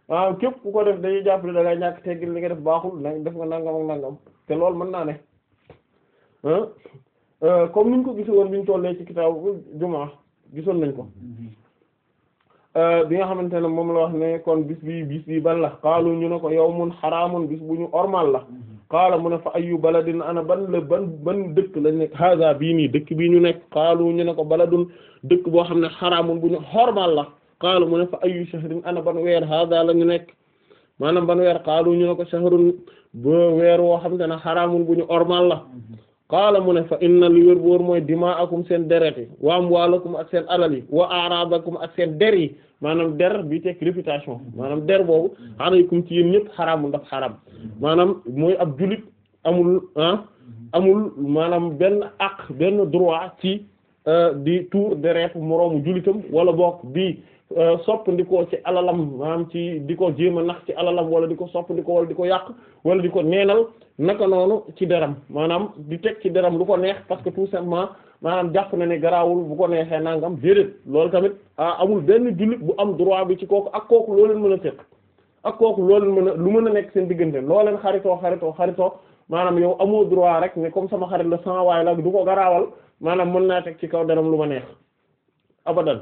Speaker 2: maanaam képp ku ko def dañuy jàpp ne da ngay ñàkk teggil li nga def baaxul na def nga nangam ak nangam te loolu mën naa ne euh, comme niñ ko gisoon biñ tollee ci kitaabu jumaa gisoon nañ ko euh, bi nga xamante ne moom la wax ne kon bis bi bis bi ban la xaalu ñu ne ko yow mun xaraamun bis bu ñu ormal la xaala mu ne fa ayu baladin ana ban la ban ban dëkk lañ nekk haza bii nii dëkk bii ñu nekk xaalu ñu ne ko baladun dëkk boo xam ne xaraamun bu ñu xormal la qaala mu ne fa ayu shahrin ana ban weer hada la ñu nekk maanaam ban weer qaalu ñu ne ko shahrun ba weer woo xam te ne xaraamun bu ñu ormal la qaala mu ne fa inna li wér bu wër mooy dimaakum seen deret yi wa amwaalakum ak seen alal yi wa a'raadakum ak seen der yi maanaam der bi tek réputation maanaam der boobu alaykum ci yéen ñëpp xaraamun daf xaraam maanaam mooy ab julit amul ah, amul maanaam benn ak benn droit ci euh, di tuur deretu moroomu julitam wala bokk bi Euh, soppandikoo ci alalam maanaam ci di ko jéem a nax ci alalam wala di ko soppandikoo wala di ko yàq wala di ko neenal naka noonu ci deram maanaam di teg ci deram lu ko neex parce que tout simplement maanaam jàpp na ne garaawul bu ko neexee nangam déedéet loolu tamit ah amul benn jullit bu am droit bi ci kooku ak kooku loo leen mën a fekk ak kooku loo mën a lu mën a nekk seen diggante loo leen xaritoo xaritoo xaritoo maanaam yow amoo droit rek ne comme sama xarit la sans waay la du ko garaawal maanaam mën naa teg ci kaw deram lu ma neex abadan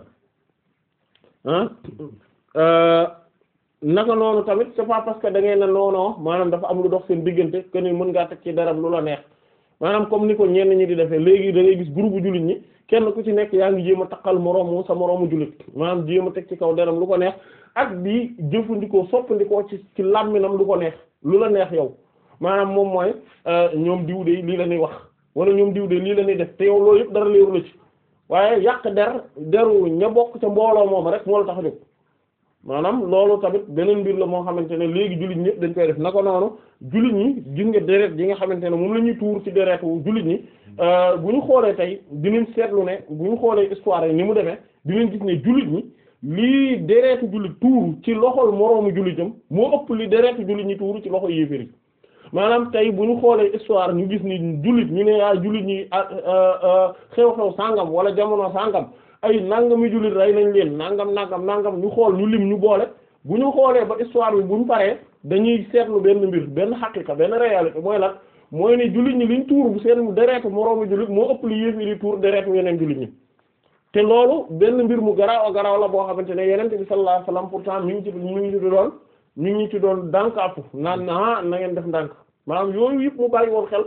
Speaker 2: Euh, naka noonu tamit c'est pas parce que da ngay ne noonoo maanaam dafa am lu dox seen diggante que mën ngaa teg ci dara lu la neex maanaam comme ni ko ñenn ñi di defee léegi da ngay gis groupe jullit ñi kenn ku ci nekk yaa ngi jéema a taqal moroomu sa moroomu jullit maanaam jéema teg ci kaw deram lu ko neex ak bi jëfandikoo soppandikoo ci ci làmminam lu ko neex lu la neex yow maanaam moom mooy euh, ñoom diw de lii la ñuy wax wala ñoom diw de lii la ñuy def te yow loolu yëpp dara leeru ci waaye yàq der deru ña bokk ca mbooloo moom rek moo la tax a jóg maanaam loolu tamit beneen mbir la moo xamante ne léegi jullit ñëpp dañ koy def naka noonu jullit ñi gis nga deret yi nga xamante ne moom la ñuy tuur ci deretu jullit ñi euh, bu ñu xoolee tey dinañ seetlu ne bu ñu xoolee histoire ni mu demee dinañ gis ne jullit ñi lii deretu jullit tuuru ci loxol moroomu jullitam moo ëpp li deretu jullit ñi tuuru ci loxo yéeféer yi maanaam tey bu ñu xoolee histoire ñu gis ni jullit ñu ne yaa ah jullit ñi ah, ah, xew-xew sàngam wala jamono sàngam ay nangami jullit rey nañ leen nangam nangam nangam ñu xool ñu lim ñu boole bu ñu xoolee ba histoire bi bu ñu paree dañuy seetlu benn mbir benn xaqiqa benn réalité mooy lan mooy ne jullit ñi liñ tuur bu seen deretu moroomu jullit moo ëpp li yéefir yi tuur deretu yeneen jullit ñi te loolu benn mbir mu garaaw a garaaw la boo xamante ne yeneen bi sallallahu alayhi wasallam pourtant mi ngi ci mi ngi ci doon mi ngi ci doon dànk naan na na ngeen def ndànk maanaam yooyu yëpp mu bàyyi woon xel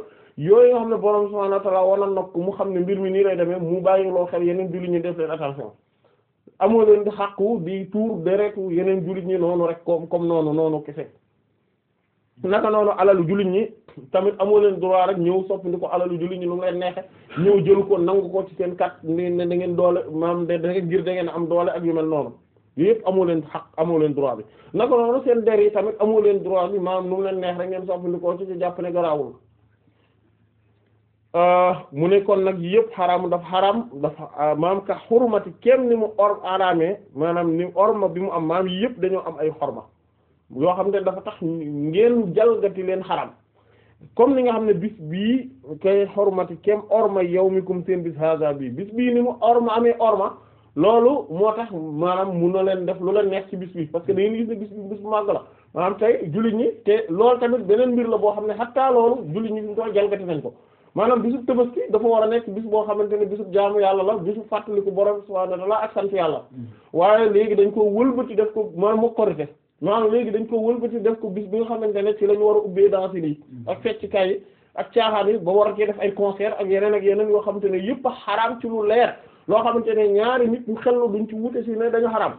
Speaker 2: yooyu nga xam ne borom subhaanahu wa ta'aala war na nokk mu xam ne mbir mi nii lay demee mu bàyyi loo xel yeneen jullit ñi def leen attention amoo leen di xàqu di tuur deretu yeneen jullit ñi noonu rek comme comme noonu noonu kese naka noonu alalu jullit ñi tamit amoo leen droit rek ñëw soppandi ko alalu jullit ñi lu mu leen neexe ñëw jël ko nangu ko ci seen kat ne da ngeen doole maam da ngeen ngir da ngeen am doole ak yu mel noonu. yooyu yëpp leen xaq amoo leen droit bi naka noonu seen der yi tamit amoo leen droit bi maanaam nu mu leen neex rek ngeen soppandikoo ci ci jàpp ne garaawul euh, mu ne kon nag yëpp xaraam dafa xaraam dafa euh, maanaam ka xurmati kenn ni mu or araamee maanaam ni orma bi mu am maam yi yëpp dañoo am ay xorma yoo xam ne dafa tax ngeen jalgati leen xaraam comme ni nga xam ne bis bi kay xormati kenn orma yow mi comme seen bis haga bii bis bii ni mu orma amee orma loolu moo tax maanaam mun na leen def lu la neex ci bis bi parce que da ngeen gis ne bis bi bis bu màgg la maanaam tey jullit ñi te loolu tamit beneen mbir la boo xam ne xattaa loolu julli ñi fi mu toll jalgati nañ ko maanaam bisub dafa war a nekk bis boo xamante ne bisub jaamu yàlla la bisu fàttaliku borom subhaanahu wa ta'aala ak sant yàlla mm. waaye léegi dañ ko wëlbati def ko maanaam moo korite maanaam léegi dañ ko wëlbati def ko bis bi nga xamante ne ci la war a ubbee danse yi mm. ak fecckaay yi ak caaxaan yi war a cee def ay concert ak yeneen ak yeneen yoo xamante ne yëpp a ci lu leer loo xamante ne ñaari nit ñu xellu duñ ci wute si ne dañu xaram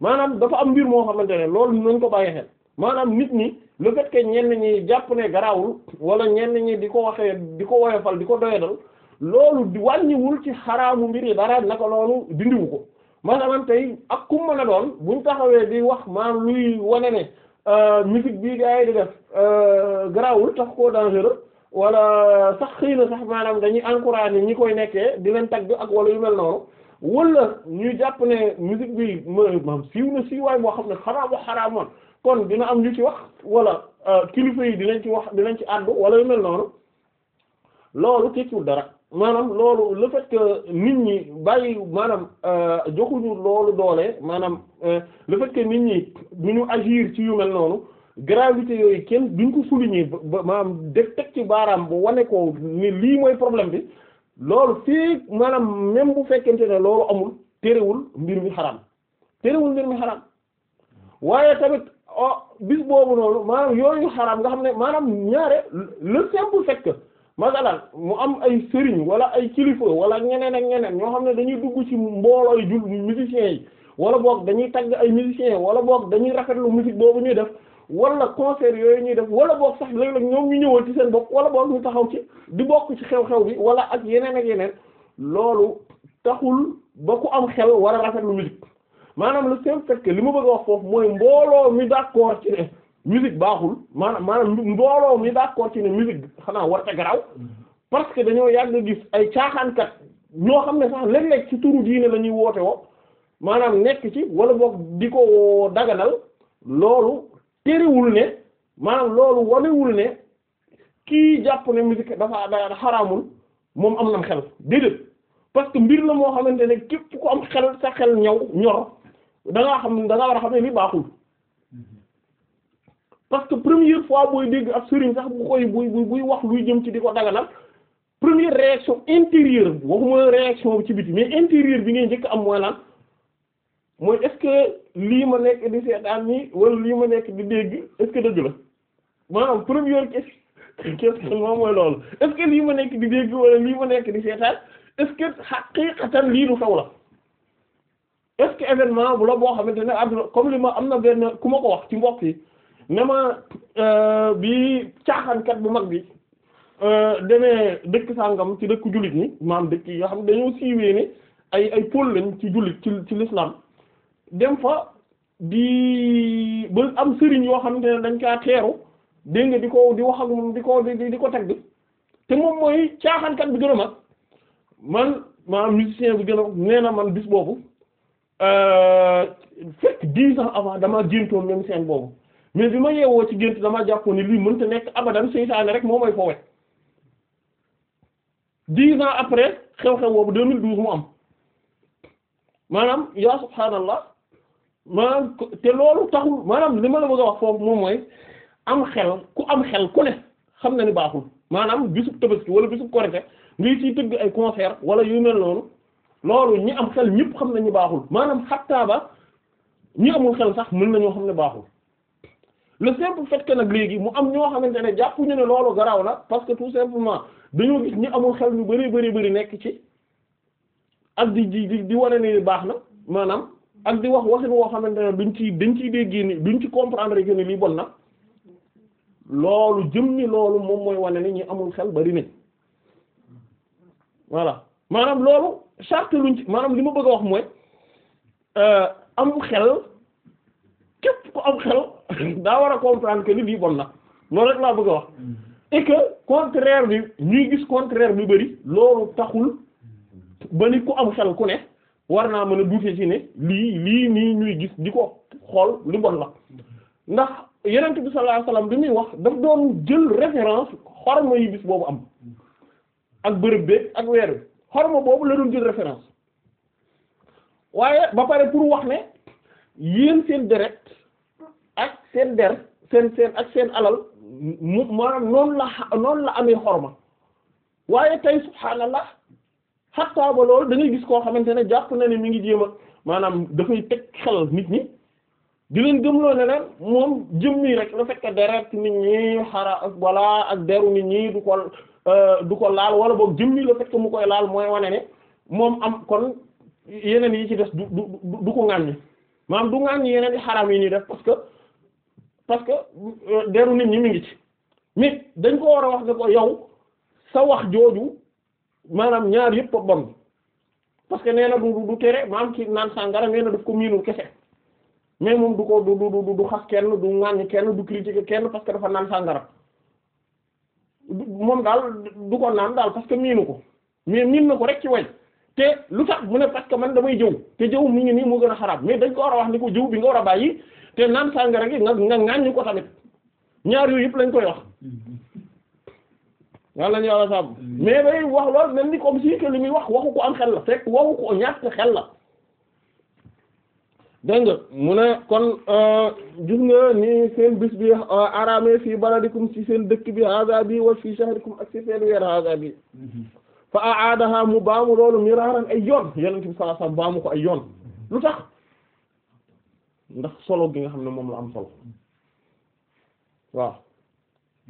Speaker 2: maanaam dafa am mbir moo xamante ne loolu nañ ko bàyyi xel maanaam nit ñi le fait que ñenn ñi jàpp ne garaawul wala ñenn ñi di ko waxee di ko woyofal di ko doyadal loolu di wàññiwul ci xaraamu mbir yi dara naka loolu dindiwu ko maanaam tey ak ku mën a doon buñ taxawee di wax maanaam luy wane ne euh, musique bi gars yi di def euh, garaawul tax ko dangereux wala sax xëy na sax maanaam dañuy encourager ñi koy nekkee di leen tagg ak wala yu mel noonu wala ñuy jàpp ne musique bi maanaam siiw na siiwaay boo xam ne xaraam wax xaraam man kon dina am ñu ci wax wala euh, kilifa yi dinañ ci wax dinañ ci àddu wala yu mel noonu loolu tekkiwul dara maanaam loolu le fait nit ñi bàyyi maanaam euh, joxuñu loolu doole maanaam euh, le fait nit ñi du ñu agir ci yu mel noonu gravité yooyu kenn duñ ko souligner ba ba maam def teg ci baaraam bu wane ko ni lii mooy problème bi loolu fii maanaam même bu fekkente ne loolu amul terewul mbir mi xaraam terewul mbir mi xaraam waaye tamit oh bis boobu noonu maanaam yooyu xaraam nga xam ne maanaam ñaare le simple fait que masalan mu am ay sëriñ wala ay kilifa wala ñeneen ak ñeneen ñoo xam ne dañuy dugg ci mboolooy jul musiciens yi wala boog dañuy tagg ay musiciens wala boog dañuy rafetlu musique boobu ñuy def wala concert yooyu ñuy def wala boog sax léeg-léeg ñoom ñu ñëwal ci seen bokk wala boog ñu taxaw ci di bokk ci xew-xew bi wala ak yeneen ak yeneen loolu taxul ba ku am xel war a rafetlu musique maanaam le simple fait li ma bëgg a wax foofu mooy mbooloo mi d'accord ci ne musique baaxul maanaam maanaam mbooloo mi d'accord ci ne musique xanaa war a garaaw parce que dañoo yàgg gis ay caaxaankat ñoo xam ne sax léeg-léeg ci turu diine la ñuy woote woo maanaam nekk ci wala boog di ko daganal loolu téerewul ne maanaam loolu wanewul ne kii jàpp ne musique dafa da xaraamul moom am na xel déedéet parce que mbir la moo xamante ne képp ko am xel sa xel ñaw ñor dangaa ngaa xam da ngaa war a xam ne li baaxul parce que première fois booy dégg ab sëriñ sax bu koy buy buy wax luy jëm ci di ko daganal première réaction intérieure waxuma réaction bi ci biti mais intérieure bi ngay njëkk am mooy lan mooy est-ce que lii ma nekk di seetaan nii wala lii ma nekk di dégg est dëgg la maanaam première question question moom mooy loolu est-ce que lii ma nekk di dégg walla lii ma nekk di seetaan est-ce que xaqiiqatan lii du xew la est-ce que événement bu la boo xamante ne àdduna comme li ma am na benn ku ma ko wax ci mbokk yi ne ma euh, bi caaxaankat bu mag bi euh, demee dëkk sàngam ci dëkk jullit ni maam dëkk yi nga xam dañoo siiwee ne ay ay pôle lañ ci jullit ci ci l'islam dem fa di ba am sëriñ yoo xam ne dañ kaa teeru dégg nga di ko di wax ak di ko di di ko tagg te moom mooy caaxaankat bi gën a mag man maanaam musicien bi gën a nee na man bis boobu euh, fekk dix ans avant damaa géntoon même seen boobu mais bi ma yeewoo ci gént damaa jàppoon ni mën mënta nekk abadan seytaane rek moo may fowet dix ans après xew-xew boobu deux mille douze mu am maanaam yaa subhaanallah maanaam ko te loolu taxul maanaam li ma la bëgg a wax foofu moom mooy am xel ku am xel ku ne xam na ni baaxul maanaam bisub tabaski wala bisub korite ngay ciy tëgg ay concert wala yu mel noonu loolu ñi am xel ñëpp xam na nañu baaxul maanaam xattaa ba ñi amul xel sax mën nañoo xam ne baaxul le simple fait que nag léegi mu am ñoo xamante ne jàpp ñu ne loolu garaaw na parce que tout simplement dañoo gis ñi amul xel ñu bari bari bari nekk ci ak di di di wane ne baax na maanaam ak di wax waxin woo xamante ne ñu ci dañ ciy déggee ni duñ ci comprendre que ne lii bon na loolu jëm ni loolu moom mooy wane ni ñi amul xel bari nañ voilà maanaam loolu charte luñ ci maanaam li ma bëgg a wax mooy euh, am xel képp ku am xel daa war a comprendre que ni lii bon na loolu rek laa bëgg a wax mm-hmm. et que contraire bi ñuy gis contraire bi bari loolu taxul ba ni ku am xel ku ne. war naa mën a duute ci ne lii lii nii ñuy gis di ko xool li bon la ndax yenent bi sallallahu alayhi wasallam muy wax daf doon jël référence xorma yi bis boobu am ak bërëb beeg ak weer bi xorma boobu la doon jël référence waaye ba pare pour wax ne yéen seen deret ak seen der seen seen ak seen alal mu maanaam noonu la noonu la amee xorma waaye tey subhaanallah xattaa ba loolu da gis koo xamante ne jàpp na ne mi ngi jéem maanaam dafay teg xel nit ñi di leen ne leen moom jëmmi rek la fekk deret nit ñi xara wala ak deru nit ñi du ko euh, du ko laal wala boog jëmmi la fekk mu koy laal mooy wane ne moom am kon yeneen yi ci des du du du ko ŋàññi maanaam du ŋàññi yeneen i xaram yi nii def parce que parce que euh, deru nit ñi mi ngi ci mais dañ ko war a wax ne ko yow sa wax jooju maanaam ñaar yëpp a bon parce que nee na du du tere maam ki naan sàngara nee na daf ko miinul kese mais moom du ko du du du xas kenn du ŋàññ kenn du critiquer kenn parce que dafa naan sàngara moom daal du ko naan daal parce que miinu ko mais miin na ko rek ci way te lu tax mu ne parce que man damay jëw te jëw mi ngi nii moo gën a xaraam mais dañ ko war a wax ni ko jëw bi nga war a bàyyi te naan sàngara gi nga nga ŋàññ ko tamit ñaar yooyu yëpp lañ koy wax mm-hmm. yàlla nañu yàlla sàmm mais day wax lool mel ni comme si que li muy wax waxu ko am xel la fekk waxu ko ñàkk xel la dégg nga mu ne kon euh, gis nga ni seen bis bi euh, araamee fii baladikum ci seen dëkk bi haaza bi wa fii shahrikum ak ci seen weer haaza bi mhm. fa aadaha mu baamu loolu miraaran ay yoon yonent bi sallallahu alayhi wasallam baamu ko ay yoon lu tax ndax solo gi nga xam ne moom la am solo waaw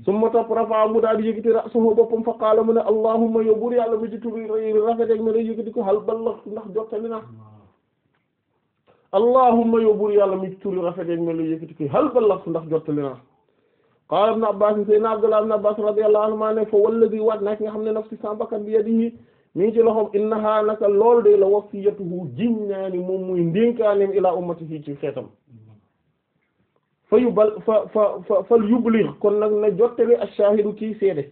Speaker 2: summa topp rafa mu daal di yëkkati rasuhu boppam fa qaala mu ne allahumma yow buur yàlla mu ci tubi rafet ak me ne yëkkati ko hal ballag ndax jottali na allahumma yow buur yàlla mu ci tubi rafet ak me ne yëkkati ko hal ballag ndax jottali na qaala ibn abbas na abdullah ibn abbas radiyallahu anhu maa ne fa wallazi waat naa ki nga xam ne nafsi sa bakkan bi yadihi mi ngi ci loxoom innaha naka lool de la wasiyatuhu jiñ naa ni moom muy ndénkaaneem ilaa ummatihi ci xeetam fa yubal fa fa fa fal yublir kon nag na jottali ash-shahidu kii seede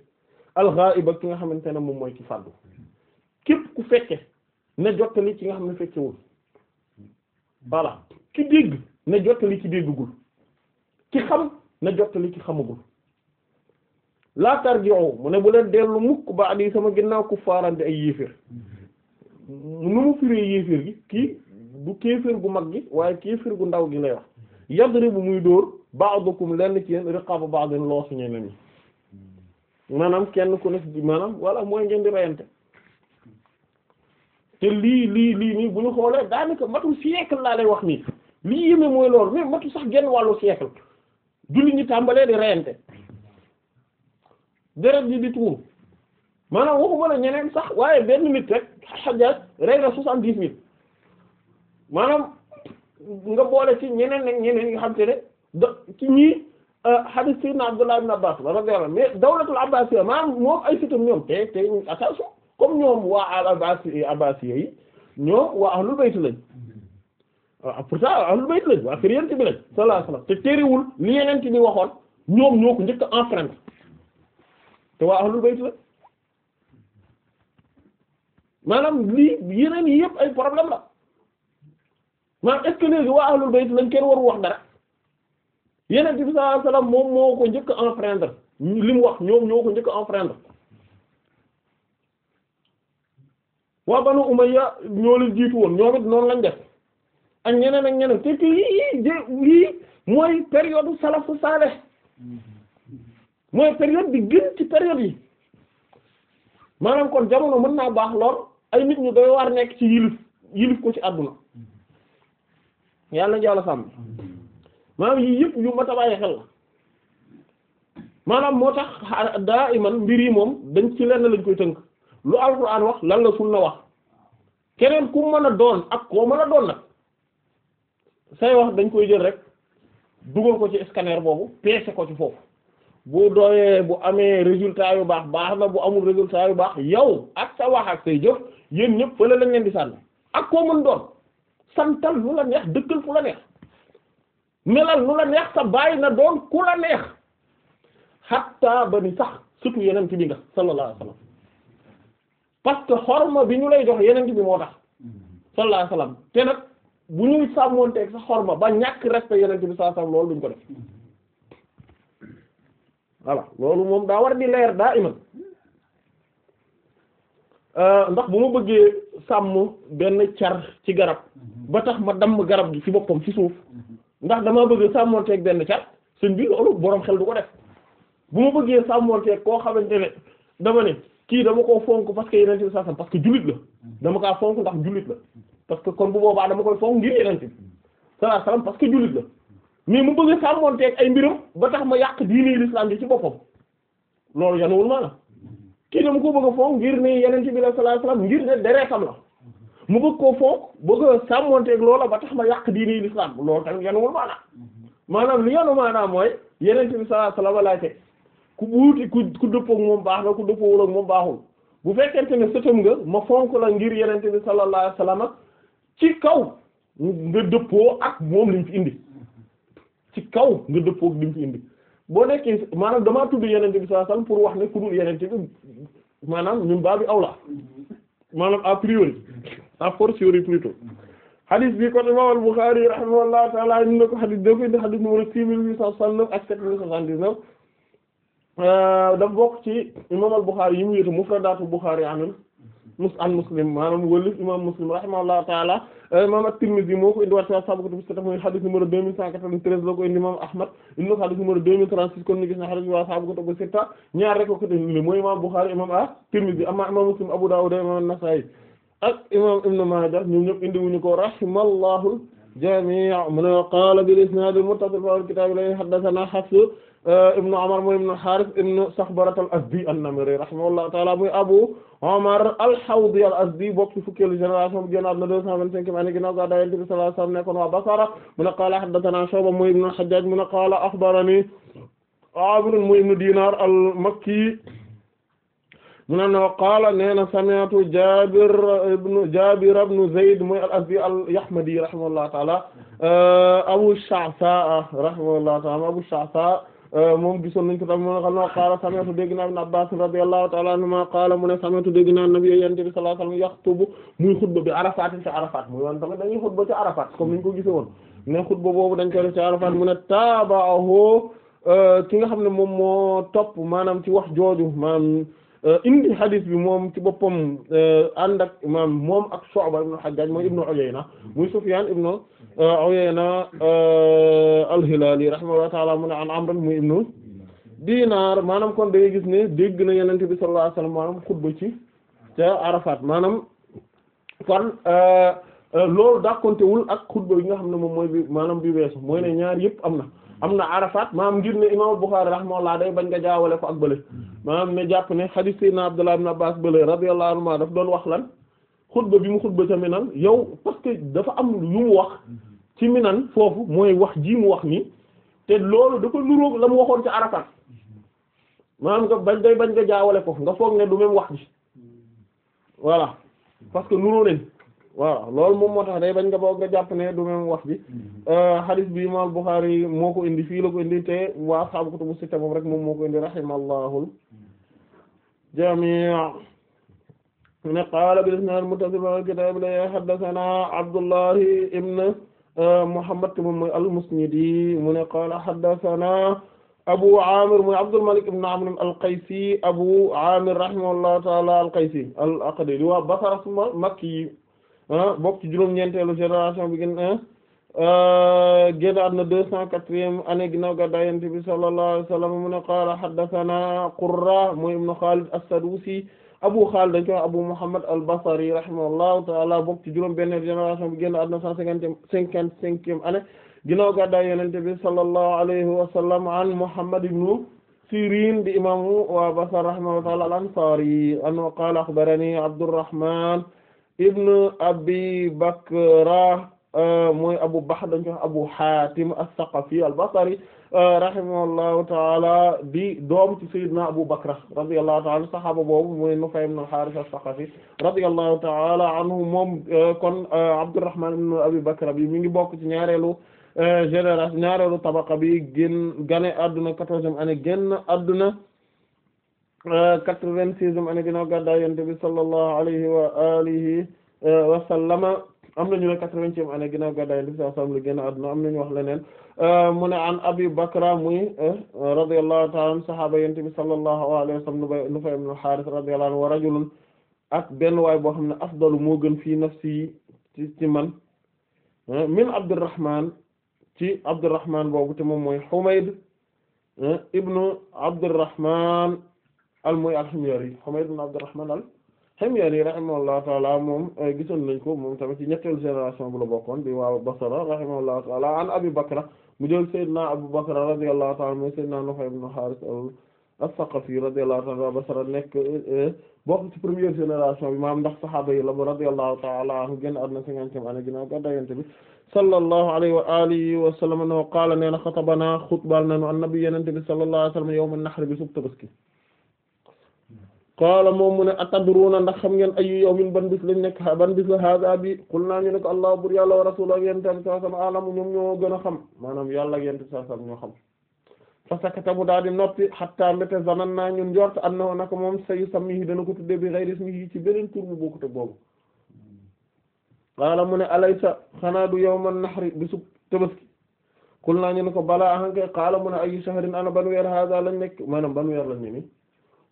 Speaker 2: al-ghaib ki nga xamante ne moom mooy ki fàddu képp ku fekke na jottali ki nga xam ne fekkewul voilà ki dégg na jottali ci déggugul ki xam na jottali ci xamagul laa tarji'u mu ne bu leen dellu mukk ba adi sama ginnaaw ku di ay yéeféer nu mu firee yéeféer gi kii du kéeféer gu mag gi waaye kéeféer gu ndaw gi lay wax yadribu muy dóor ba'dukum lenn ci yéen riqaba ba'din loosu ñeneen ñi maanaam kenn ku nekk maanaam walla mooy ngeen di reyante te lii lii lii nii bu ñu xoolee daanaka matu siècle laa lay wax nii lii yéeme mooy loolu mais matu sax genn wàllu siècle julli ñi tàmbalee di reyante deret ji di tuur maanaam waxuma la ñeneen sax waaye benn mit rek Hajjaj rey na soixante-dix mille maanaam nga boole ci ñeneen ak ñeneen nga xam te ne do ci ñii euh, hadith sayyidina Abdullah ibn Abbas radiyallahu anhu mais dawlatul abbasiyya maanaam moom ay fitam ñoom te te attention comme ñoom waa al abbasi abbasiyya yi ñoom waa ahlul bayt lañ waaw ah, ah, pourtant ahlul bayt lañ waa kër yent bi lañ sallallahu alayhi te téerewul li yeneen bi waxoon ñoom ñoo ko njëkk a te waa ahlul bayt la maanaam lii yeneen yi yëpp ay problème la maanaam est-ce que léegi waa ahlul lañ kenn waru wax dara yeneen bi sallallahu alayhi wasallam moom moo ko njëkk a enfreindre li mu wax ñoom ñoo ko njëkk a enfreindre waa Banu Umayya ñoo jiitu woon ñoom it lañ def ak ñeneen ak ñeneen te lii lii mooy période salafu salih mooy période bi gën ci période yi maanaam kon jamono mën naa baax lool ay nit ñu doy war nekk ci yilif yilif ko ci àdduna yàlla nañu yàlla sàmm maanaam yii yëpp yu mat a bàyyi xel la maanaam moo tax daa iman mbir yi moom dañ ci lenn lañ koy tënk lu alxuraan wax lan la sunna wax keneen ku mën a doon ak koo mën a doon nag say wax dañ koy jël rek dugal ko ci scanner boobu peese ko ci foofu bu doyee bu amee résultat yu baax baax na bu amul résultat yu baax yow ak sa wax ak say jëf yéen ñëpp fële lañ leen di sànn ak koo mën doon santal lu la neex dëkkal fu la neex melal lu la neex sa bàyyi na doon ku la neex xatta ba ni sax surtout yenent bi nga sallallahu alayhi wasallam parce que bi ñu lay jox yenent bi moo tax sallallahu alayhi wasallam te nag bu ñuy sàmmoonteeg sax xorma ba ñàkk respect yenent bi sallallahu alayhi loolu duñ ko def voilà loolu moom daa war di leer daa iman Euh, ndax bu ma bëggee sàmm benn car ci garab ba tax ma damm garab gi ci boppam ci suuf ndax damaa bëgg sàmmonteeg benn car seen bi loolu boroom xel du ko def bu ma bëggee sàmmonteeg koo xamante ne dama ne kii dama koo fonk parce que yeneen ci saasam parce que jullit la dama kaa fonk ndax jullit la parce que kon bu boobaa dama koy fonk ngir parce que jullit la mais mu bëgg sàmmonteeg ay mbiram ba tax ma yàq diine l'islam bi ci boppam loolu yanuwul maanaam kii ne mu ko bëgg a fonk ngir ne yeneen ci bi sallallahu alayhi wasallam ngir ne deretam la mu bëgg koo fonk bëgg a sàmmonteeg loola ba tax ma yàq diini l'islam loolu tamit yenuwul maanaam maanaam li yenu maanaam mooy yeneen ci bi sallallahu alayhi wasallam laajte ku buuti ku ku dëppook moom baax na ku dëppoowul ak moom baaxul bu fekkente ne sëtam nga ma fonk la ngir yeneen bi sallallahu alayhi wasallam ci kaw nga dëppoo ak moom liñ fi indi ci kaw nga dëppoo ak liñ fi indi boo nekkee maanaam damaa tudd yenente bi sallallahu alayhi wasallam pour wax ne ku dul yenente bi maanaam ñun baa bi awla maanaam a priori a fortiori plutôt hadith bi kon imam al-Bukhari rahimahullahu ta'ala ñu ne ko hadith dafay ne hadith numéro six mille huit cent soixante-neuf ak sept mille soixante-dix-neuf euh, daf bokk ci imam al yi mu yétu mufradatu Bukhari anul mus an muslim maanaam wëlif imam muslim rahimahullahu taala euh, imam at-Tirmidhi moo ko indiwaat ci ashaabu kutubu sitta muy hadith numéro 2193 la ko indi imam Ahmad indi na ko hadith numéro 2036 kon ñu gis na hadith wa ashaabu kutubu sitta ñaar rek ko indi mooy imam Bukhari imam at-Tirmidhi amma imam muslim Abu Dawud imam an-Nasa'i ak imam Ibn Maaja ñoom ñëpp indi wuñu ko rahimallahu jami' mu ne qaala bil isnaad al-muttasil fi al-kitaab ilayhi haddathana Hafs Euh, ibnu Umar mooy ibnu al-Harith ibnu Sakhbara al-Azdi an-Namiri rahimahullahu ta'ala muy Abu Umar al-Hawdi al-Azdi bokk ci fukkeelu génération bu génnaat na deux cent vingt-cinq mi année ginnaaw gàddaay Yonent bi sallallahu alayhi wa sallam nekkoon waa Basra mu ne qaala haddathanaa Shu'ba muy ibnu al-Hajjaj mu ne qaala akhbaranii Aamir muy ibnu Dinar al-Makki mu ne no qaala nee na sami'tu Jaabir ibn Jaabir ibn Zayd mooy al-Azdi al-Yahmadi rahimahullahu ta'ala euh, Abu Sha'thaa rahimahullahu ta'ala Abu Sha'thaa Euh, moom gisoon nañ ko tamit mu ne xam na qaala sami'tu dégg naa ibn Abbas radiyallahu ta'ala anhuma qaala mu ne sami'tu dégg naa nabi yonent yaxtubu muy xutba bi Arafat ci Arafat muy tamit dañuy xutba ci Arafat ko gisee woon ne xutba boobu dañ koy def taaba'ahu euh, ki nga xam ne moom moo topp maanaam ci wax jooju maanaam Euh, indi hadith bi moom ci boppam euh, ànd ak moom ak Shu'ba ibn Hajjaj mooy ibn Uyayna muy Sufyan ibn euh, Uyayna al-Hilali rahimahullahu ta'ala mu ne an Amr muy ibn Dinar maanaam kon da gis ne dégg na Yonent bi sallallahu alayhi wasallam maanaam xutba ci ca Arafat maanaam kon loolu dàqantewul ak xutba yi nga xam ne moom mooy bi maanaam bi weesu mooy ne ñaar yëpp am na. am na Arafat maam ngir ne imaam Bukhari laa day bañ nga jaawale ko ak bële maanaam hmm. ne jàpp ne xadiis Seydina Abdullah na Abbas bële radiyallahu anhu daf doon wax lan xutba bi mu xutba ca Minan yow parce dafa am yu mu wax ci Minan foofu mooy wax ji mu wax nii te loolu dafa nuroo la mu waxoon ci Arafat maanaam nga bañ day bañ nga jaawale ko nga foog ne du même wax ji hmm. voilà parce que nuroo leen voilà loolu moom moo tax day bañ nga boog nga jàpp ne wax bi mm-hmm. euh, hadith bi imaam Bukhari moo ko indi fii la ko indi te waa ashaabu kutubu sitta moom rek moom moo ko indi jamii' ne qaala bil isnaad muttasil fil kitaab la haddathanaa Abdullahi ibn euh, Muhammad moom mooy al-Musnidi mu ne qaala haddathanaa Abu Amir mooy Abdul Malik Abu Amir rahimahullahu ta'ala al-Qaysi al-Aqdi wa Basra Makki Ah, bokk ci juróom-ñeenteelu génération bi gën ah, ah, génn àdduna deux cent quatrième année ginnaaw gàddaay Yonent bi sallallahu alayhi wa sallam mu ne qaala haddathana Qurra mooy ibnu Khalid as-Sadusi Abu Khalid dañ ko wax Abu Muhammad al-Basri rahimahullahu ta'ala bokk ci juróom-benn génération bi génn àdduna cent cinquante cinquante cinquième année ginnaaw gàddaay Yonent bi sallallahu alayhi wa sallam an Muhammad ibn Sirin di imaamu waa Basra rahimahullahu ta'ala al-Ansari annahu qaala akhbarani Abdurrahman ibn abi bakra euh, mooy abu bahr dañ ko wax abu hatim as-saqafi al-basri euh, rahimahullahu taala di doom ci sayyidina abu bakra radiyallahu taala sahaaba boobu mooy nufay ibn al-harith as-saqafi radiyallahu taala anhu moom euh, kon abdurrahman ibn abi bakra bi mi ngi bokk ci ñaareelu génération ñaareelu tabaqa bi génn gane adduna quatorzième année génn adduna quatre-vingt-sixième année ginnaaw gàddaay yonent bi sallallahu alayhi wa alihi eh, wa sallama am nañu ne quatre-vingtième année ginnaaw gàddaay yonent bi sallallahu alayhi wa sallam génn àdduna am nañu wax leneen eh, mu ne an Abi Bakra muy eh, radiyallahu ta'ala anhu sahaaba yonent bi sallallahu alayhi wa sallam Nubay Nufay ibn al-Harith radiyallahu anhu wa ak benn waay boo xam ne afdalu moo gën fii nafsi ci ci man min Abdurrahman ci Abdurrahman boobu te moom mooy Humayd ibnu Abdurrahman al mooy al-Himyari Humayd ibn Abdurrahman al-Himyari rahimahullahu taala moom eh, gisoon nañ ko moom tamit ci ñetteelu génération bu la bokkoon bi waa Basra rahimahullahu taala an Abi Bakra mu jël Seydina Abu Bakr radiyallahu taala mooy Seydina Nufay ibn Harith as-Saqafi radiyallahu taala waa Basra nekk eh, bokk ci première génération bi maam ndax saxaaba yi la ba radiyallahu taala anhu génn àdduna cinquantième année ginnaaw gàddaay Yonent bi sallallahu alayhi wa alihi wa sallam qaala nee na xatabanaa xutbal nañu an-nabi Yonent bi sallallahu alayhi wa sallam yawm an-nahr bi sub Tabaski qaala moom mu ne na ndax xam ngeen ayu yawmin ban bis lañ nekk ban bis la haaza bi xul naa ñu ne ko allah bur yàlla wa rasul ak yente bi xam maanaam yàlla ak yente bi saa sam ñoo xam fa sakata mu daal di noppi xatta mbéte naa ñun njort annahu naka moom sayu samihi dana ko tudde bi ghayri ismihi ci beneen tur bu bokkute boobu mu ne alaysa xanaa du yawman nahri bisub tabaski xul naa ñu ko balaa ahankay qaala mu ne ayu shahrin ana ban weer haaza lañ nekk maanaam ban weer lañ ne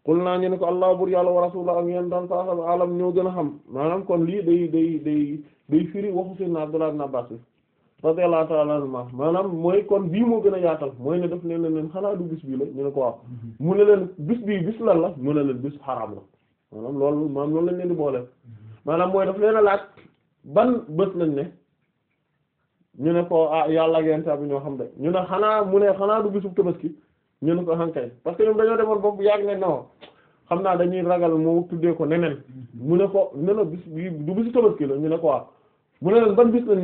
Speaker 2: xul naa ñu ne ko allah bur yàlla wa rasulullah ak yéen daan saasam alam ñoo gën a xam maanaam kon lii day day day day firi waxu sayyidina Abdullah ibn Abbas bi radiyallahu ta'ala anhuma maanaam mooy kon bii moo gën a yaatal mooy ne daf ne leen leen xanaa du bis bii la ñu ne ko waaw mu ne leen bis bii bis lan la mu ne leen bis xaraam la maanaam loolu maanaam loolu lañ leen di boole maanaam mooy daf leen a laaj ban bés lañ ne ñu ne ko ah yàlla ak yéen ñoo xam de ñu ne xanaa mu ne xanaa du bisub tabaski ñu ne ko hankay parce que ñoom dañoo demoon boobu yàgg ne non xam naa dañuy ragal mu tuddee ko neneen mhm. mu ne ko ne na bis du bisu ñu ne ko waaw mu ne leen ban bis ko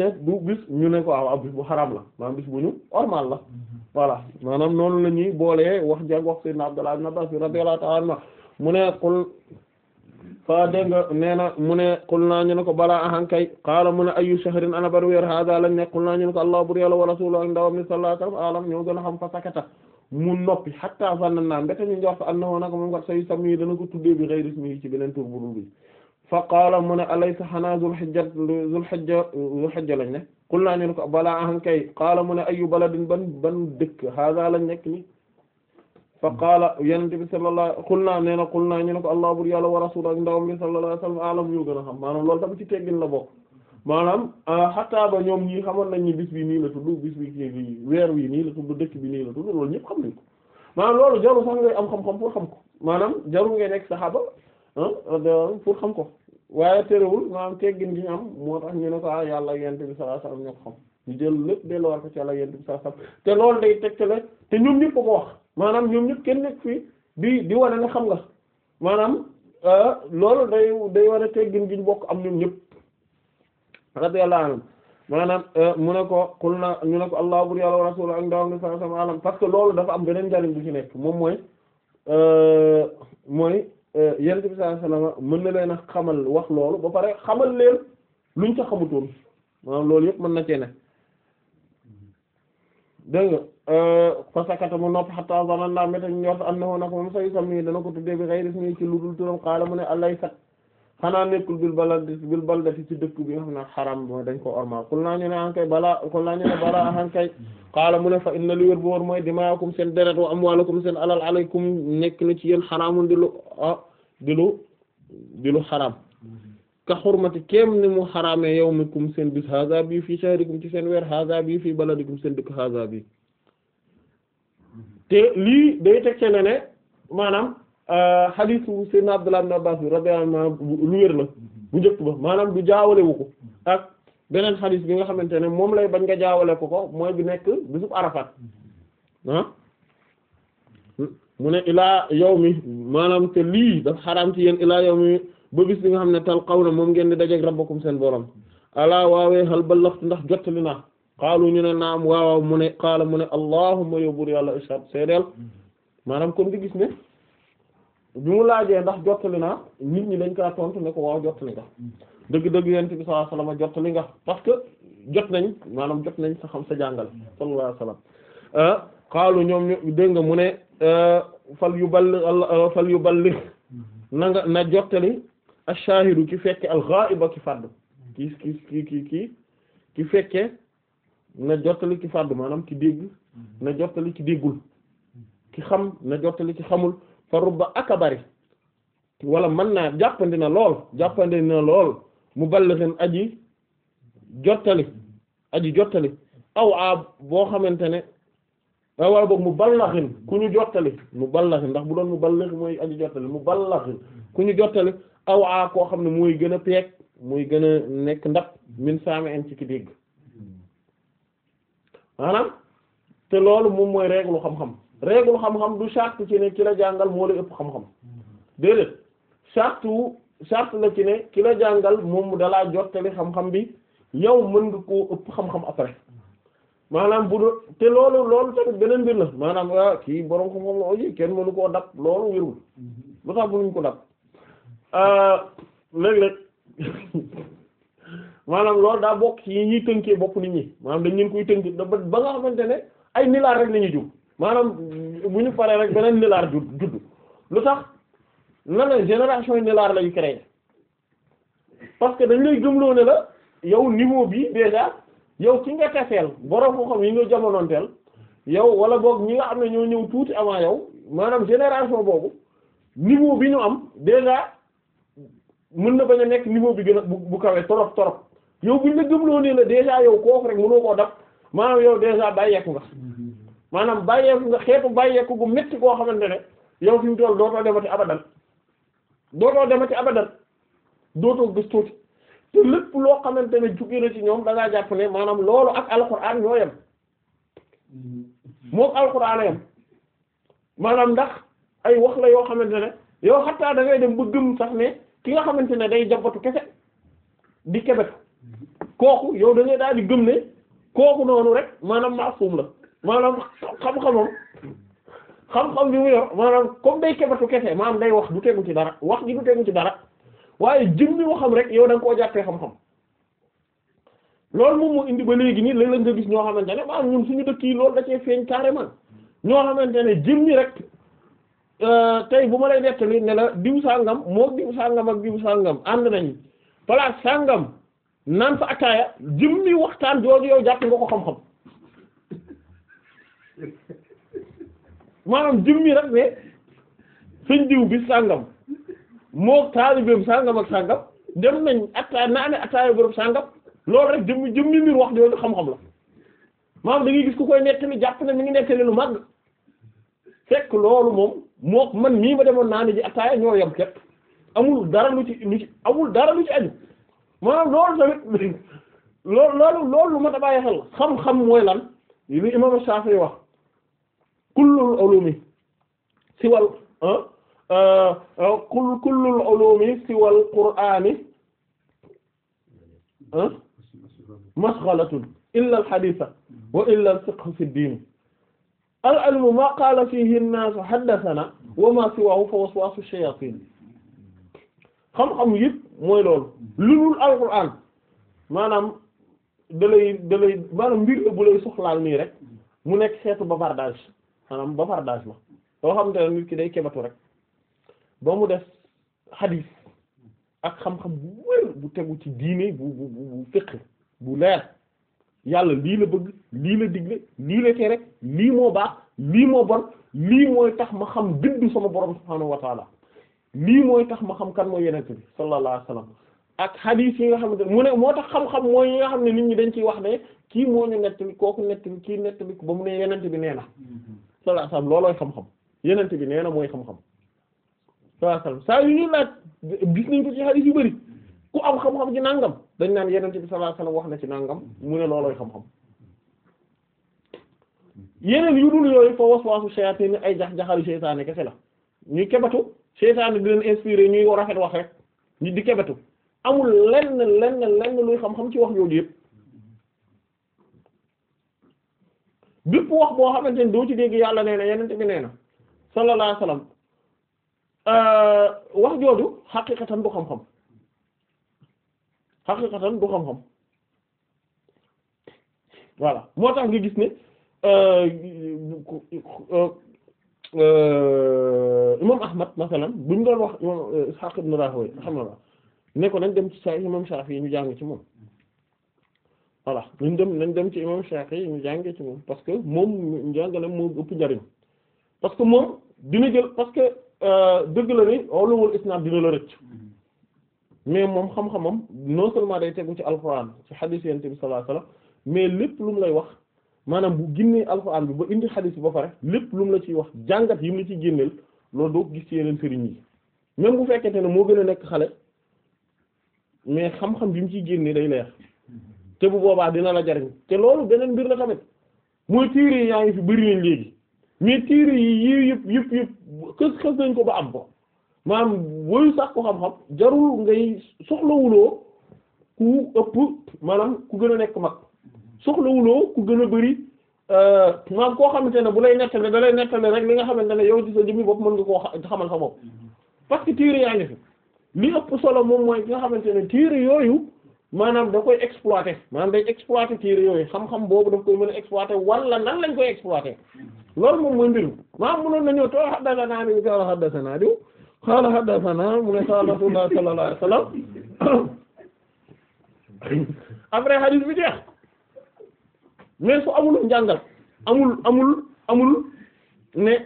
Speaker 2: waaw ab bis bu xaraam la maanaam bis bu ñu normal la mhm. voilà maanaam noonu la ñuy boolee wax jag wax sayyidna Abdullah ibn Abbas a ta'ala anhu mu ne qul fa dégg nga na mu ne qul naa ñu ne ko balaa ahankay qaala mu ne ayu shahrin ana bar weer hada lañ ne qul naa ñu ne ko allah bur yàlla wa rasuluhu ak ndawam ni sallallahu alayhi gën a xam fa sakata mu noppi hatta zannan naa mbete ñu njort annahu naka moom kat say sami dana ko tuddee bi ghayri ismihi ci beneen tur bu dul bi fa qaala mu ne sa xanaa zul hijja zul hijja zul hijja lañ ne qul naa ñu ko balaa ahan kay qaala mu ne ayu baladin ban ban dëkk haaza lañ nekk ni fa qaala yenente bi sallallahu xul naa nee na xul ñu ne ko allah bur yàlla wa rasul ak ndawam bi sallallahu alayhi wa sallam alam ñu gën a xam maanaam loolu tamit ci teggin la bokk maanaam ah, xataa ba ñoom ñii xamoon nañ ni bis bi nii la tudd bis bi kii weer wi nii la tudd dëkk bi nii la tudd loolu ñëpp xam nañ ko maanaam loolu jarul sax ngay xam-xam pour xam ko maanaam jarul ngay nekk saxaaba ah, pour xam ko waaye terewul maanaam teggin gi ñu am moo tax ñu ne ko ah yàlla yent bi sallallahu alayhi wasallam ñoo ko ñu jël lépp delluwaat ko ci bi sallallahu alayhi te loolu day tegtale te ñoom ñëpp ko ko wax maanaam ñoom ñëpp kenn nekk fii di di wane ne xam nga maanaam ah, loolu day day war te teggin gi ñu bokk am ñoom ñëpp radiyallahu anhu maanaam eh, mu ne ko xul na ñu ne ko allah bur yàlla wa rasul ak ndawam bi sallallahu alayhi wa sallam parce que loolu dafa am beneen njariñ bu ci nekk moom mooy eh, mooy eh, yonent bi sallallahu alayhi wa sallam mën na leen a xamal wax loolu ba pare xamal leen luñ ca xamutoon maanaam loolu yëpp mën na cee ne dégg nga fa sakata mu noppi hatta zanna métañ njort annahu nako moom say sam nii dana ko tuddee bi xëy ris nii ci ludul turam xaala mu ne alay sat xanaa nekkul bil balad bil ci dëkk bi xam ne xaram mooy dañ ko ormal xul naa ñu ankay balaa xul naa ñu ne balaa ankay xaala mu ne fa inna li wér bu wóor mooy dimaakum seen deret wa amwaalakum seen alal alaykum nekk na ci yéen xaraamun di lu ah ka xurmati kéem ni mu xaraamee yawmikum seen bis haza bi fii shahrikum ci seen weer haza bi fii baladikum seen dëkk haza bi te lii day teg ci ne maanaam xadiisu euh, Seydina Abdullah ibn Abbas bi radiyallahu anhu lu wér la bu njëkk ba maanaam du jaawale wu ko ak beneen xadiis bi nga xamante ne moom lay bañ nga jaawale ko ko mooy bi nekk bisub Arafat ah mu ne ilaa yawmi maanaam te lii dafa xaraam ci yéen ilaa yawmi ba bis nga xam ne na moom ngeen di dajeek rabbakum seen borom alaa waawee hal ballaxtu ndax jottali naa xaalu ñu ne naam waaw mu ne xaala mu ne allahumma yóbbur yàlla ishad seedeel maanaam kon di gis ne bi mu laajee ndax jottali naa nit ñi dañ kaa tontu ne ko waaw jottali nga dëgg-dëgg yonent bi sallallahu alayhi wasallam jottali nga parce que jot nañ maanaam jot nañ sa xam sa jàngal sallallahu alayhi wasallam xaalu euh, ñoom ñu dégg nga mu ne euh, fal yu balli euh, fal yu balli na nga na jottali ash-shahidu ki fekke al-gha'iba ki fàdd ki ki ki ki ki fekke na jottali ki fàdd maanaam ki dégg na jottali ki déggul ki xam na jottali ki xamul fa rubba aka bari wala mën naa jàppandi na lool jàppandi na lool mu ballighin aji jottali aji jottali aw a boo xamante ne wala boog mu ballaxin ku ñu jottali mu ballaxin ndax bu doon mu ballax mooy aji jottali mu ballaxin ku ñu jottali aw a koo xam ne mooy gën a peeg mooy gën a nekk ndax min saame en ci ki dégg maanaam te loolu moom mooy règle xam-xam règle xam-xam du charte ci ne ki la jàngal moo la ëpp xam-xam déedéet charte wu la ci ne ki la jàngal moom mu dalaa jottali xam-xam bi yow mën nga koo ëpp xam-xam après maanaam bu doo te loolu loolu tamit beneen mbir la maanaam ah, kii borom xam-xam la aussi kenn mënu koo dab loolu wérul lu tax mënuñ ko dab ah, léeg-léeg maanaam loolu daa bokk yi ñuy tënkee bopp nit ñi maanaam dañ leen koy tënk ba ba nga xamante ne ay nilaar rek la ñuy jóg. maanaam bu ñu paree rek beneen nelaar judd judd lu tax na génération génération nelaar lay créé parce que dañ lay gëmloo ne la yow nimo bi déjà yow ki nga teseel borom xam yi nga jamonoonteel yow wala boog ñi nga am na ñoo ñëw tuuti avant yow maanaam génération boobu niveau bi ñu am déjà mën na bañ a nekk niveau bi gën a bu bu kawe trop trop yow buñ la gëmloo ne la déjà yow kooku rek mënoo koo dab maanaam yow déjà bàyyeeku nga. Mm-hmm. maanaam bàyyeeku nga xeetu bàyyeeku gu metti koo xamante ne yow fi mu toll dootoo demati abadan dootoo demati abadan dootoo gëstooti te lépp loo xamante ne jugee na ci ñoom da ngaa jàpp ne maanaam loolu ak alxuraan ñoo yem moom maanaam ndax ay wax la yoo xamante ne yow xattaa dangay dem ba gëm sax ne ki nga xamante ne day jabatu kese di kebet kooku yow da ngay daal di gëm ne kooku noonu rek maanaam maasum la maanaam xam-xamam xam-xam bi mu yor maanaam comme day kebatu kese maanaam day wax du tegu ci dara wax gi du tegu ci dara waaye jëm mi waxam rek yow da nga koo jàppee xam-xam loolu moom moo indi ba léegi nii la léeg nga gis ñoo xamante ne maanaam ñun suñu dëkk yi loolu da cee feeñ carrément ñoo xamante ne jëm mi rek euh, tey bu ma lay nettali ne la diw sàngam moo diw sàngam ak diw sàngam ànd nañu place sàngam naan fa ataaya jëm mi waxtaan jooju yow jàpp nga ko xam maanaam jëmmi rek ne sëñ diw bi sàngam moo taalibeem sàngam ak sàngam dem nañ attaay naane attaayu borom sàngam loolu rek jëmmi jëmmi mbir wax jooju xam-xam la maanaam da gis ku koy nettali jàpp na mi ngi nettali lu mag fekk loolu moom moo man mii ma demoon naane ji attaaya ñoo yem képp amul dara lu ci lu ci amul dara lu ci aju maanaam loolu tamit loolu loolu lu ma ta bàyyi xel xam-xam mooy lan li Imaam Shaafi'i wax kullul ulumi siwal ah, ah, ah, kul kullul ulumi siwal qur'ani mashghalatun illa al haditha wa illa al fiqh fi diin al ilmu ma qaala fihi an-naas haddathana wa ma siwahu fa waswasu shayatin xam-xam yëpp mooy loolu lu dul alquran maanaam dalay dalay maanaam mbir la bu lay soxlaal nii rek mu nekk xeetu bavardage maanaam ba fardage ma loo xamante ne nit ki day kebatu rek ba mu des xadiis ak xam-xam bu wër bu tegu ci diine bu bu bu fiq bu leer yàlla lii la bëgg lii la digle lii la tere lii moo baax lii moo bon lii mooy tax ma xam gëddu sama borom subhaanahu wa taala lii mooy tax ma xam kan moo yenente bi sallallahu alayhi wa sallam ak xadiis yi nga xamante mu ne moo tax xam-xam mooy yi nga xam ne nit ñi dañ ciy wax ne kii moo ñu nettali kooku nettali kii nettali ba mu ne yenente bi nee na sallallahu alayhi wasallam loolooy xam-xam yenente bi nee na mooy xam-xam sallallahu saa yu ñu laaj gis nañ ko ci hadith yu bari ku am xam-xam ci nangam dañ naan yenente bi sallallahu alayhi wax na ci nangam mu ne loolooy xam-xam yeneen yu dul yooyu fa waswaasu shayaatin ay jax-jaxalu seytaane kese la ñuy kebatu seytaane di leen inspiré ñuy rafet wax rek ñu di kebatu amul lenn lenn lenn luy xam-xam ci wax yooyu yëpp bépp wax boo xamante ne doo ci léegi yàlla nee na yenente bi nee na sallallahu alayhi wasallam euh, wax jooju xaqiqatan du xam-xam xaqiqatan du xam-xam voilà moo tax nga gis ne euh, euh, imam ahmad masalan buñ doon wax imam Ishaq ibn Rahowi xam na ne ko nañ dem ci sa imam yi ñu jàng ci moom voilà nañ dem nañ dem ci imam Shafi'i ñu jàngee ci moom parce que moom njàngale moo ëpp njariñ parce que moom dina jël parce que euh, dëgg la ni ulumul isnad dina la rëcc mais moom xam-xamam non seulement day tegu ci alxuraan ci xadiis yonent bi sallallahu alayhi wasallam mais lépp lu mu lay wax maanaam bu génnee alxuraan bi ba indi xadiis bi ba pare lépp lu mu la ciy wax jàngat yi mu la ciy génneel loolu doo gis ci yeneen sëriñ yi même bu fekkente ne moo gën a nekk xale mais xam-xam ciy génnee day leer te bu boobaa dina la jariñ te loolu beneen mbir la tamit mooy tiir yi yaa ngi fi bëri nañ léegi mais tiir yi yii yëpp yëpp yëpp xës xës nañ ko ba am ko maanaam booy sax ko xam-xam jarul ngay soxlawuloo ku ëpp maanaam ku gën a nekk mag soxlawuloo ku gën a bëri euh, maanaam koo xamante ne bu lay nettale da lay nettale rek li nga xamante ne yow ci mën nga koo xamal sa bopp parce que tiir yaa ngi fi li ëpp solo moom mooy ki nga xamante ne tiir yooyu maanaam da koy exploiter maanaam day exploiter téere yooyu xam-xam boobu daf koy mën a exploiter wala nan lañ koy exploiter loolu moom mooy mbir maanaam mënoon na ñëw too haddathana ni qaala haddathana diw qaala haddathana mu ne qaala rasulullah sallallahu alayhi wasallam après hadith bi a mais su amul njàngal amul amul amul ne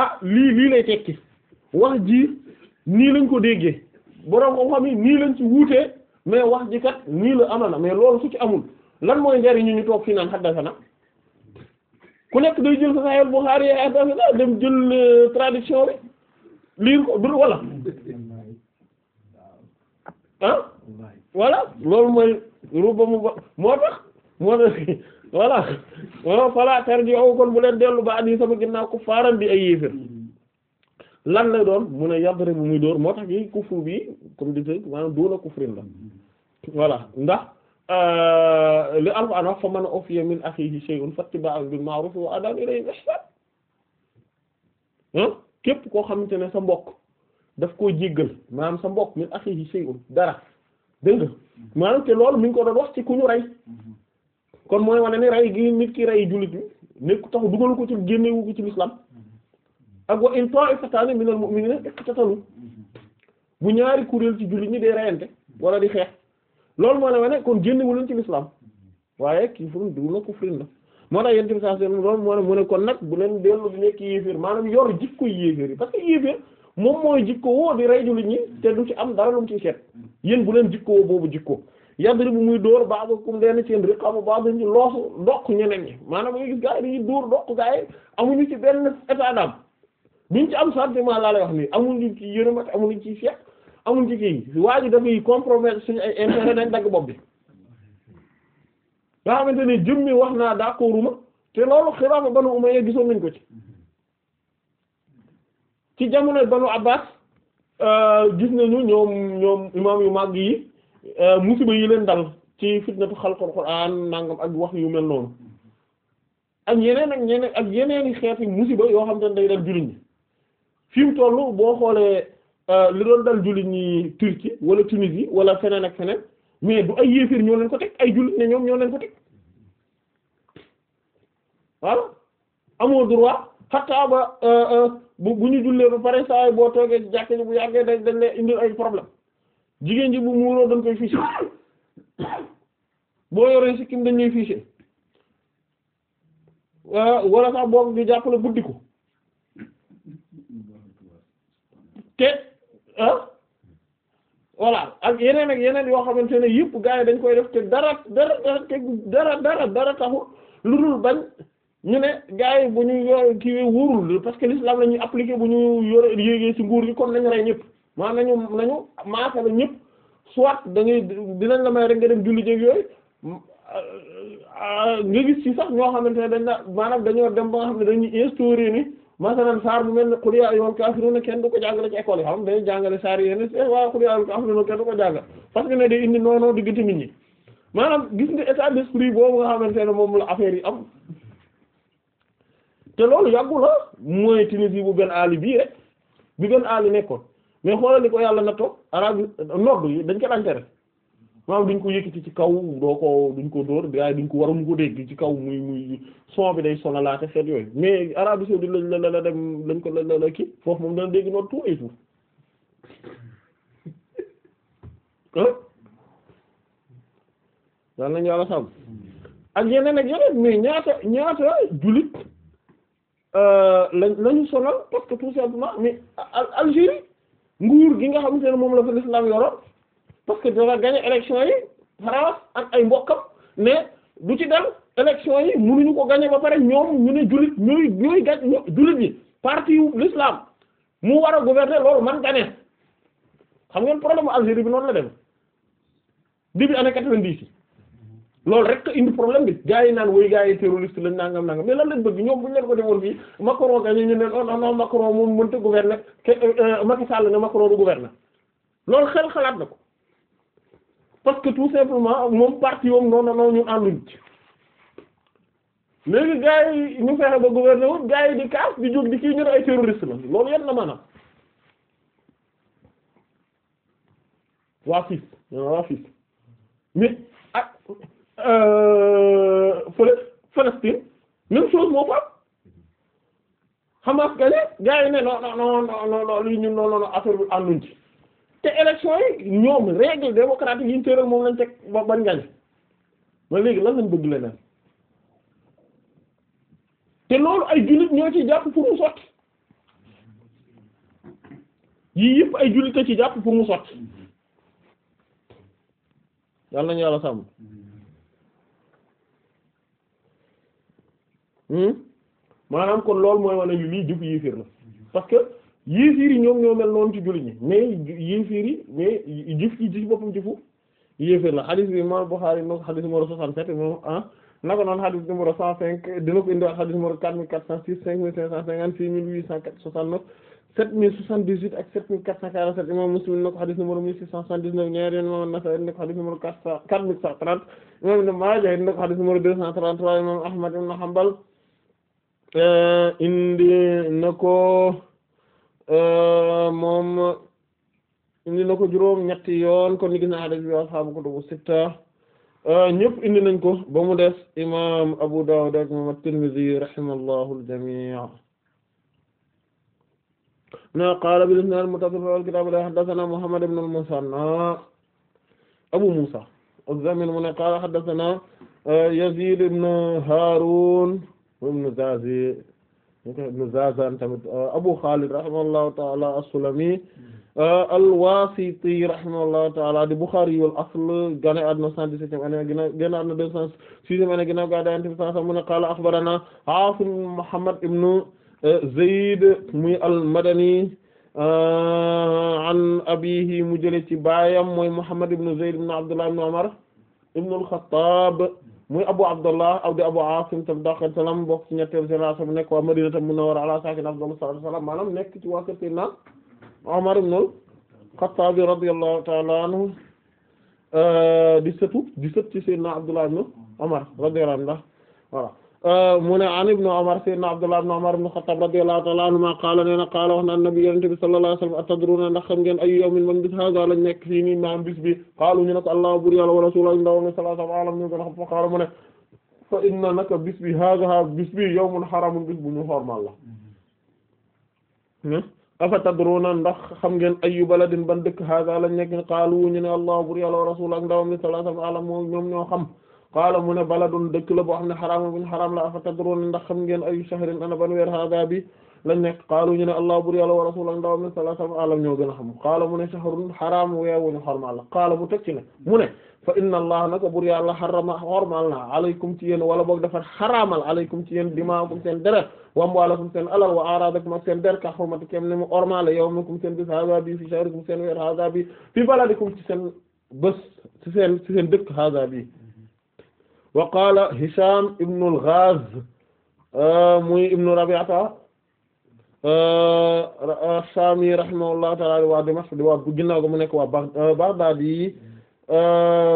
Speaker 2: ah lii lii lay tekki wax ji nii lañ ko déggee borom xam-xam yi nii lañ ci wuutee mais wax ji kat nii la amana mais loolu su ci amul lan mooy njariñu ñu toog fii naan haddasana ku nekk day jël Sahih al-Bukhari haddasana dem jël euh, traduction bi liir ko du wala ah voilà loolu mooy ruba mu moo tax moo tax voilà wala fala tarji'u kon bu leen dellu ba at yi sama ginnaaw ko faaran di ay yéefér lan lay doon mu ne yadribu muy dóor moo tax yi kufru bi comme di te maanaam doona kufrin voilà ndax euh, li Alxuraan wax fa man ufiya min axiihi shay'un fattiba'un bil ma'ruf wa ada'un ilayhi bi koo xamante ne sa mbokk daf koo jéggal maanaam sa mbokk min axiihi shay'un dara dégg nga maanaam te loolu mi ngi ko doon wax ci ku ñu rey kon mooy na ne rey gi nit ki rey jullit bi nekk tax dugalu ko ci génnewu ko ci l'islam ak wa in ta'ifatan minal mu'minina iqtatalu bu ñaari kuréel ci jullit ñi day reyante wala di xeex loolu moo ne ne kon génnewu leen ci l'islam waaye kii furun du la kufrin la moo tax yéen tamit saa seen loolu moo ne mu ne kon nag bu leen dellu di nekk yéeféer maanaam yor jikko yéeféer yi parce que yéeféer moom mooy jikko woo di rey jullit ñi te du ci am dara lu mu ciy seet yéen bu leen jikko woo boobu jikko yadri bu muy dóor baabu kum leen seen riqamu baabu ñu loosu doq ñeneen ñi maanaam nga gis gaa yi dañuy dóor doq gaa yi amuñu ci benn état d'âme duñ ci am sentiment laa lay wax nii amuñu ci yërëmat amuñ ci seet amuñu ci kii waa ji dafay compromettre suñu ay intérêt dañ dagg bopp bi nga xamante ne jëmmi wax naa d'accorduma te loolu xilaafa banu umayya gisoon nañ ko ci ci jamono banu abbas euh, gis nañu ñoom ñoom imaam yu màgg yi euh, musiba yi leen dal ci fitnatu xalqul qur'an nangam ak wax yu mel noonu ak yeneen ak yeneen ak yeneen i xeeti musiba yoo xam te ne day dal jullit ñi fi mu toll boo xoolee euh, li doon dal jullit ñi Turquie wala Tunisie wala feneen ak feneen mais du ay yéeféer ñoo leen ko teg ay jullit ne ñoom ñoo leen ko teg voilà amoo droit xataa ba euh, euh, bu bu ñu jullee ba pare saa boo toogee ci jàkk ji bu yàggee dañ dañ leen indil ay problème jigéen ji bu muuroo dañ koy fiché boo yoree sikkim dañ lay fiché wala sax boog ñu jàppale buddi ko. te ah, voilà ak yeneen ak yeneen yoo xamante ne yëpp gars yi dañ koy def te dara dara dara dara dara taxul lu dul bañ ñu ne gars yi bu ñu yore kii wóorul parce que l'islam la ñuy appliquer bu ñu yore yéegee ci nguur gi kon nañu rey ñëpp maanaam nañu nañu maasa la ñëpp soit da ngay dinañ la may rek nga dem julli jéeg yooyu ah, ah, nga gis ci sax ñoo xamante ne dañ la maanaam dañoo dem ba nga xam ne dañuy instaurer ni masalan saar bu mel ne qul yaa ayyuhal kenn du ko jàngale ci école yi xam dañuy jàngale saar yéen eh, waaw qul yaa ayyuhal kaafiruuna kenn du ko jàngal parce que ne day indi noonu diggante nit ñi maanaam gis nga état d'esprit boobu nga xamante ne moom la affaire am te loolu yàggu la mooy yi bu benn aali bii rek bi benn aali nekkoon mais xoolal ni ko yàlla na toog arabe nord yi dañ ko daan tere maanaam duñ ko yëkkati ci kaw doo ko duñ ko dóor gaa ko war a mu ko dégg ci kaw muy muy son bi day sonalaate xeet yooyu mais Arabie saoudite lañ la la dem lañ ko la la kii foofu moom dana dégg noonu tous les jours daan nañu yàlla sàmm ak yeneen ak ñaata ñaata jullit euh, lañ lañu sonal parce que tout simplement mais Algérie nguur gi nga xamante ne moom la fa l'islam yoroon parce que dina gagner élection yi France ak ay mbokkam mais du ci dal élection yi mënuñu ko gagner ba pare ñoom ñu ne jullit ñuy ñuy gaj jullit ñi parti wu l'islam mu war a gouverner loolu man gane xam ngeen problème Algérie bi noonu la dem début année quatre-vingt-dix yi loolu rek indi problème bi gars yi naan woy gars yi terroriste lañ nangam nangam mais lan lañ bëgg ñoom bu ñu leen ko defoon fii Macron gañe ñu ne oh, non non Macron moom mënta gouverner euh, euh, Macky Sall ne Macron du loolu xel xalaat na ko parce que tout simplement moom parti moom noonu noonu ñun ànduñ ci léegi gars ñu fexe ba gouverneur wut di kaas di jóg di kii ñu ne ay terroriste la loolu yan na maanaam waa FIS waa FIS mais ak ah, euh, fële Palestine même chose moo fa Hamas gane gars ne non non non non non lii ñun non non affaire ànduñ ci. te élection yi ñoom règle démocratique yi ñu tëral moom lañ teg ba bañ gañ ma léegi lan lañ bëgg leneen te loolu ay jullit ñoo ci jàpp pour mu sotti yii yëpp ay jullit ci jàpp pour mu sotti yàlla nañu yàlla sàmm hmm? maanaam kon lool mooy wane lii jub yi fiir parce que yéefiir yi ñoom ñoo mel noonu ci jullit ñi mais yéefiir yi mais jëf ci jëf boppam jëfu yéefiir la xadis bi imam Bukhari no xadis numéro 67 moom ah naka noonu xadis numéro 105 dina ko indi xadis numéro 4406 5550 6869 7078 ak 7447 imam Muslim na ko xadis numéro 1679 ñaari yoon imam Nasa'i na ko xadis numéro 4130 imam Ibn Maaja na ko xadis numéro 233 imam Ahmad ibn Hanbal euh, indi na ko Euh, moom indi na juróom ñetti yoon kon ni gis na hadith bi ashaabu kutubu sitta euh, ñëpp indi nañ ko ba mu des imam Abu Dawud ak imam At-Tirmidhi rahimallahu al na qaala bil isnaad al-muttasil fil kitaab Abu Musa az-Zamin mu ne qaala haddathana euh, Yazid ibn Harun ibn Zazi ibn Zazan tamit uh, Abu Khalid rahimahullahu ta'ala as-Sulami uh, al-Wasiti rahimahullahu ta'ala di Bukhari wal asl gane àdduna 117 année gina gëna àdduna 206 année gina ga daante bi sa mu ne qala akhbarana Asim Muhammad ibn uh, Zayd muy al-Madani an abihi mu jële ci baayam mooy Muhammad ibn Zayd ibn Abdullah ibn Umar ibn al-Khattab muy Abu Abdullah aw di Abu Asim tam daqan salam bokk ci ñetteelu génération nekk waa Madina tam a ala a afdalu salatu wassalam maanaam nekk ci waa kër Seydina Umar ibn al-Khattab radiyallahu euh, di sëtu di sët ci Seydina Abdullah ibn Umar radiyallahu anhu voilà mu ne an ibnu Umar sayyidina Abdullah ibn Umar ibn Khattab radiyallahu ta'ala anhuma qaala nee na qaala wax na nabi yonent bi sallallahu alayhi wasallam atadruna ndax xam ngeen ayu yawmin man bis hada lañ nekk fii nii maam bis bi qaalu ñu ne ko Allahu buur yàlla wa rasuluhu sallallahu alayhi wasallam alam ñu gën a xam fa qaala mu ne fa inna naka bis bi hada bis bi yawmun haramun bis bu ñu xormal la afa tadruna ndax xam ngeen ayu baladin ban dëkk hada lañ nekk qaalu ñu ne Allahu buur yàlla wa rasuluhu sallallahu alayhi wasallam alam moom ñoom ñoo xam qaala mu ne baladun dëkk la boo xam ne xaraama buñ xaraam la afa tadrun ndax xam ngeen ayu shahrin ana ban weer hada bi lañ nekk qaalu ñu ne allah bur yàlla wa rasul ak ndaw mi sallallahu alayhi wa sallam ñoo gën a xam qaala mu ne shahrun xaraam weewuñu xormaal la qaala mu teg ci ne mu ne fa inna allah naka bur yàlla xarama xormaal na alaykum ci yéen wala boog dafa xaraamal alaykum ci yéen dimaakum seen deret wa amwaalakum seen alal wa aaraadakum ak seen der ka xurmati kem ne mu ormaale yawmakum seen bis hada bi fi shahrikum seen weer hada bi fi baladikum ci seen bés ci seen ci seen dëkk hada bi wa qaala Hisham ibn al-Ghaz euh, muy ibn Rabi'ata euh, Sami rahimahullahu ta'ala di waa Dimashq di waa ginnaaw ga mu nekk waa euh, Baghdad yi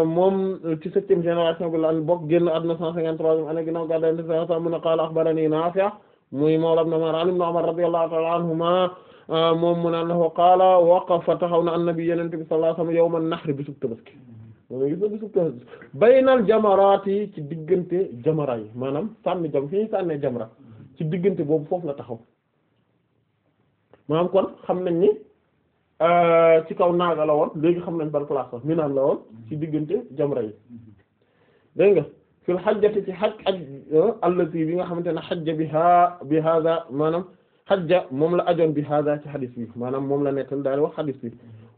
Speaker 2: moom ci septième génération bi la bokk génn àdduna cent cinquante-troisième année ginnaaw gàddaay Yonent bi mu ne qaala akhbarani Nafi' muy mawla ibn Marwan ibn Umar radiyallahu ta'ala anhuma moom mu ne annahu qaala waqafa taxaw na an-nabi Yonent bi sallallahu alayhi wa sallam yawma an-nahr bisub Tabaski mooy gis nga gisu pexe ci diggante jamara yi maanaam sànni jam fi ñuy sànnee ci diggante boobu foofu la taxaw maanaam kon xam nañ ni euh, ci kaw naaga la woon léegi xam nañ ban place la minaan ci diggante jamra yi dégg nga fil xajjati ci xaj aj euh, allati bi nga xamante ne xajja bi haa bi hada maanaam xajja moom la ajoon bi hada ci xadis bi maanaam moom la nekkal daal wax xadis bi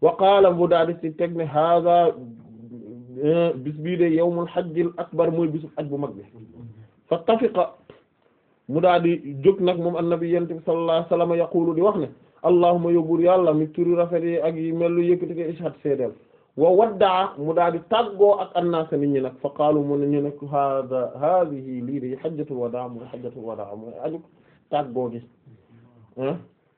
Speaker 2: wa qaala bu daal ci teg ne Euh, bis bii de yawmul hajjil akbar mooy bisu aj bu mag bi fa tafiqa mu daa di jóg nag moom annabi yent bi sallallahu alayhi wasallam yaqulu di wax ne allahumma yóbbur yàlla mi turi rafet yi ak yi mel lu yëkkati ko ishat seedeel wa waddaa mu daa di tàggoo ak annaasa nit ñi nag fa qaalu mu ne ñu nag hada hadihi lii day hajjatul wadaa mooy hajjatul wadaa mooy aju tàggoo gi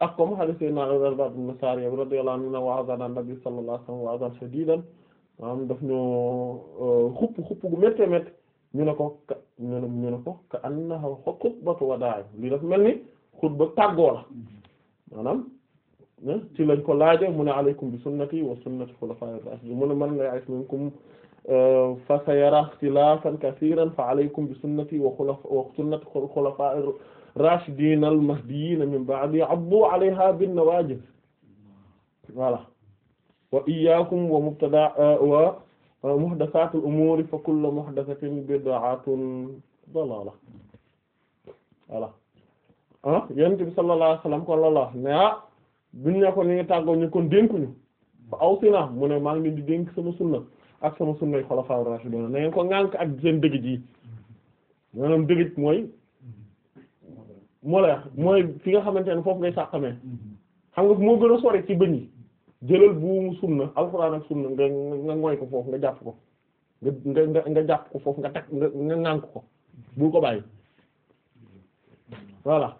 Speaker 2: ak comme hadith sayyidina Al-Miqdad ibn Sariyya radiyallahu anhu wa azana nabi sallallahu alayhi wasallam wa azan shadidan maanaam daf ñoo euh, xupp xupp gu méttee métt ñu ne ko ka ñu ne ñu ne ko ka annaha xutbatu wadaa lii daf mel ni xutba tàggoo la maanaam eh, ci lañ ko laaje mu ne alaykum bi sunnati wa sunnati xulafaa'i raashidiin mu ne man la ya'ish minkum euh, fa sayara ixtilaafan kasiiran fa alaykum bi sunnati wa sunnati xulafaa'i raashidiin al mahdiyyiin min ba'di abbu alayha bin nawaajid voilà wa iyyakum wa mubtada wa muhdathatul umuri fa kullu muhdathatin bid'atun dalala voilà ah yonent bi sallallahu alayhi wasallam kon loolu la mais ah buñ ne ko ni ngi tàggoo ñu kon dénkuñu fa awsina mu ne maa ngi di dénk sama sunna ak sama sunnay xulafaa rashidun na ngeen ko ngànk ak seen dëgëj yi maanaam dëgëj mooy moo la mooy fi nga xamante ne foofu ngay sàqamee mm-hmm. xam nga moo gën a sori ci bëñ yi jëlal buumu sunna alxuraan ak sunna nga nga ngoy ko foofu nga jàpp ko nga nga nga jàpp ko foofu nga teg nga nga ŋànk ko bul ko bàyyi voilà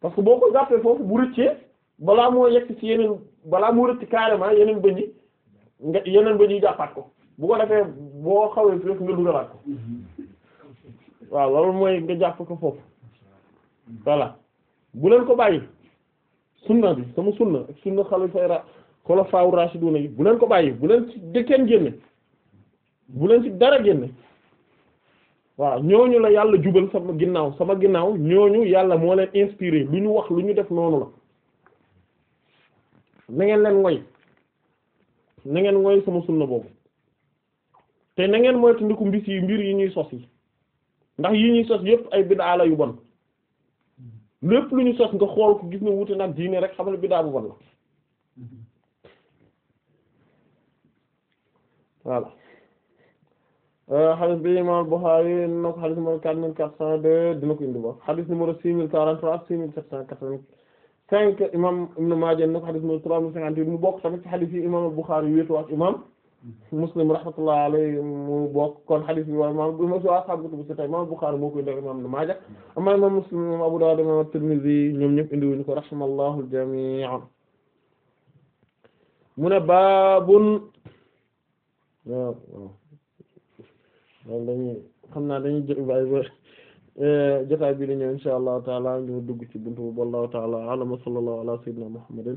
Speaker 2: parce que boo ko jàppee foofu bu rëccee balaa moo yegg ci yeneen balaa moo rëcc carrément yeneen bëñ yi nga yeneen bëñ yi jàppaat ko bu ko defee boo xawee foofu nga dugalaat ko waaw loolu mooy nga jàpp ko foofu voilà bu leen ko bàyyi. sunna bi sama sunna ak sunna xalifay ra xulafaa raashiduna yi bu leen ko bàyyi bu leen ci de kenn génne bu leen ci dara génne waaw ñooñu la yàlla jubal sama ginnaaw sama ginnaaw ñooñu yàlla moo leen inspiré lu ñu wax lu ñu def noonu la na ngeen leen ngoy na ngeen ngoy sama sunna boobu te na ngeen moytandiku mbis yi mbir yi ñuy sos yi ndax yi ñuy sos yépp ay bid'a yu bon lépp lu ñu sos nga xool ko gis ne wuute nag diine rek xamal biddaa bu bon la voilà xadis euh, bi imam Bukhari na ko xadis numéro quatre mille quatre cent deux dina ko indi ba xadis numéro six mille quarante trois six mille cent quatre-vingt-cinq imam Ibn Maaja na ko xadis numéro trois mille cinquante-huit mu bokk tamit ci xadis yi imam Bukhari wéetu ak imam muslim rahmatullah alayhi mu bokk kon hadith bi waaw maam bu ma si waa xam bu si tey maam Bukhari moo koy a imaam Ibn Maaja amma imaam muslim moom Abu Dawud imaam at-Tirmidhi ñoom ñëpp indi wuñu ko rahimallahu al-jamii' mu ne baabun waaw waaw dañuy xam naa dañuy jë bàyyi ba eh, jotaay bi di ñëw insha allahu taala ñu dugg ci buntu bu wallahu taala a'lam wa sallallahu ala sayyidina muhammadin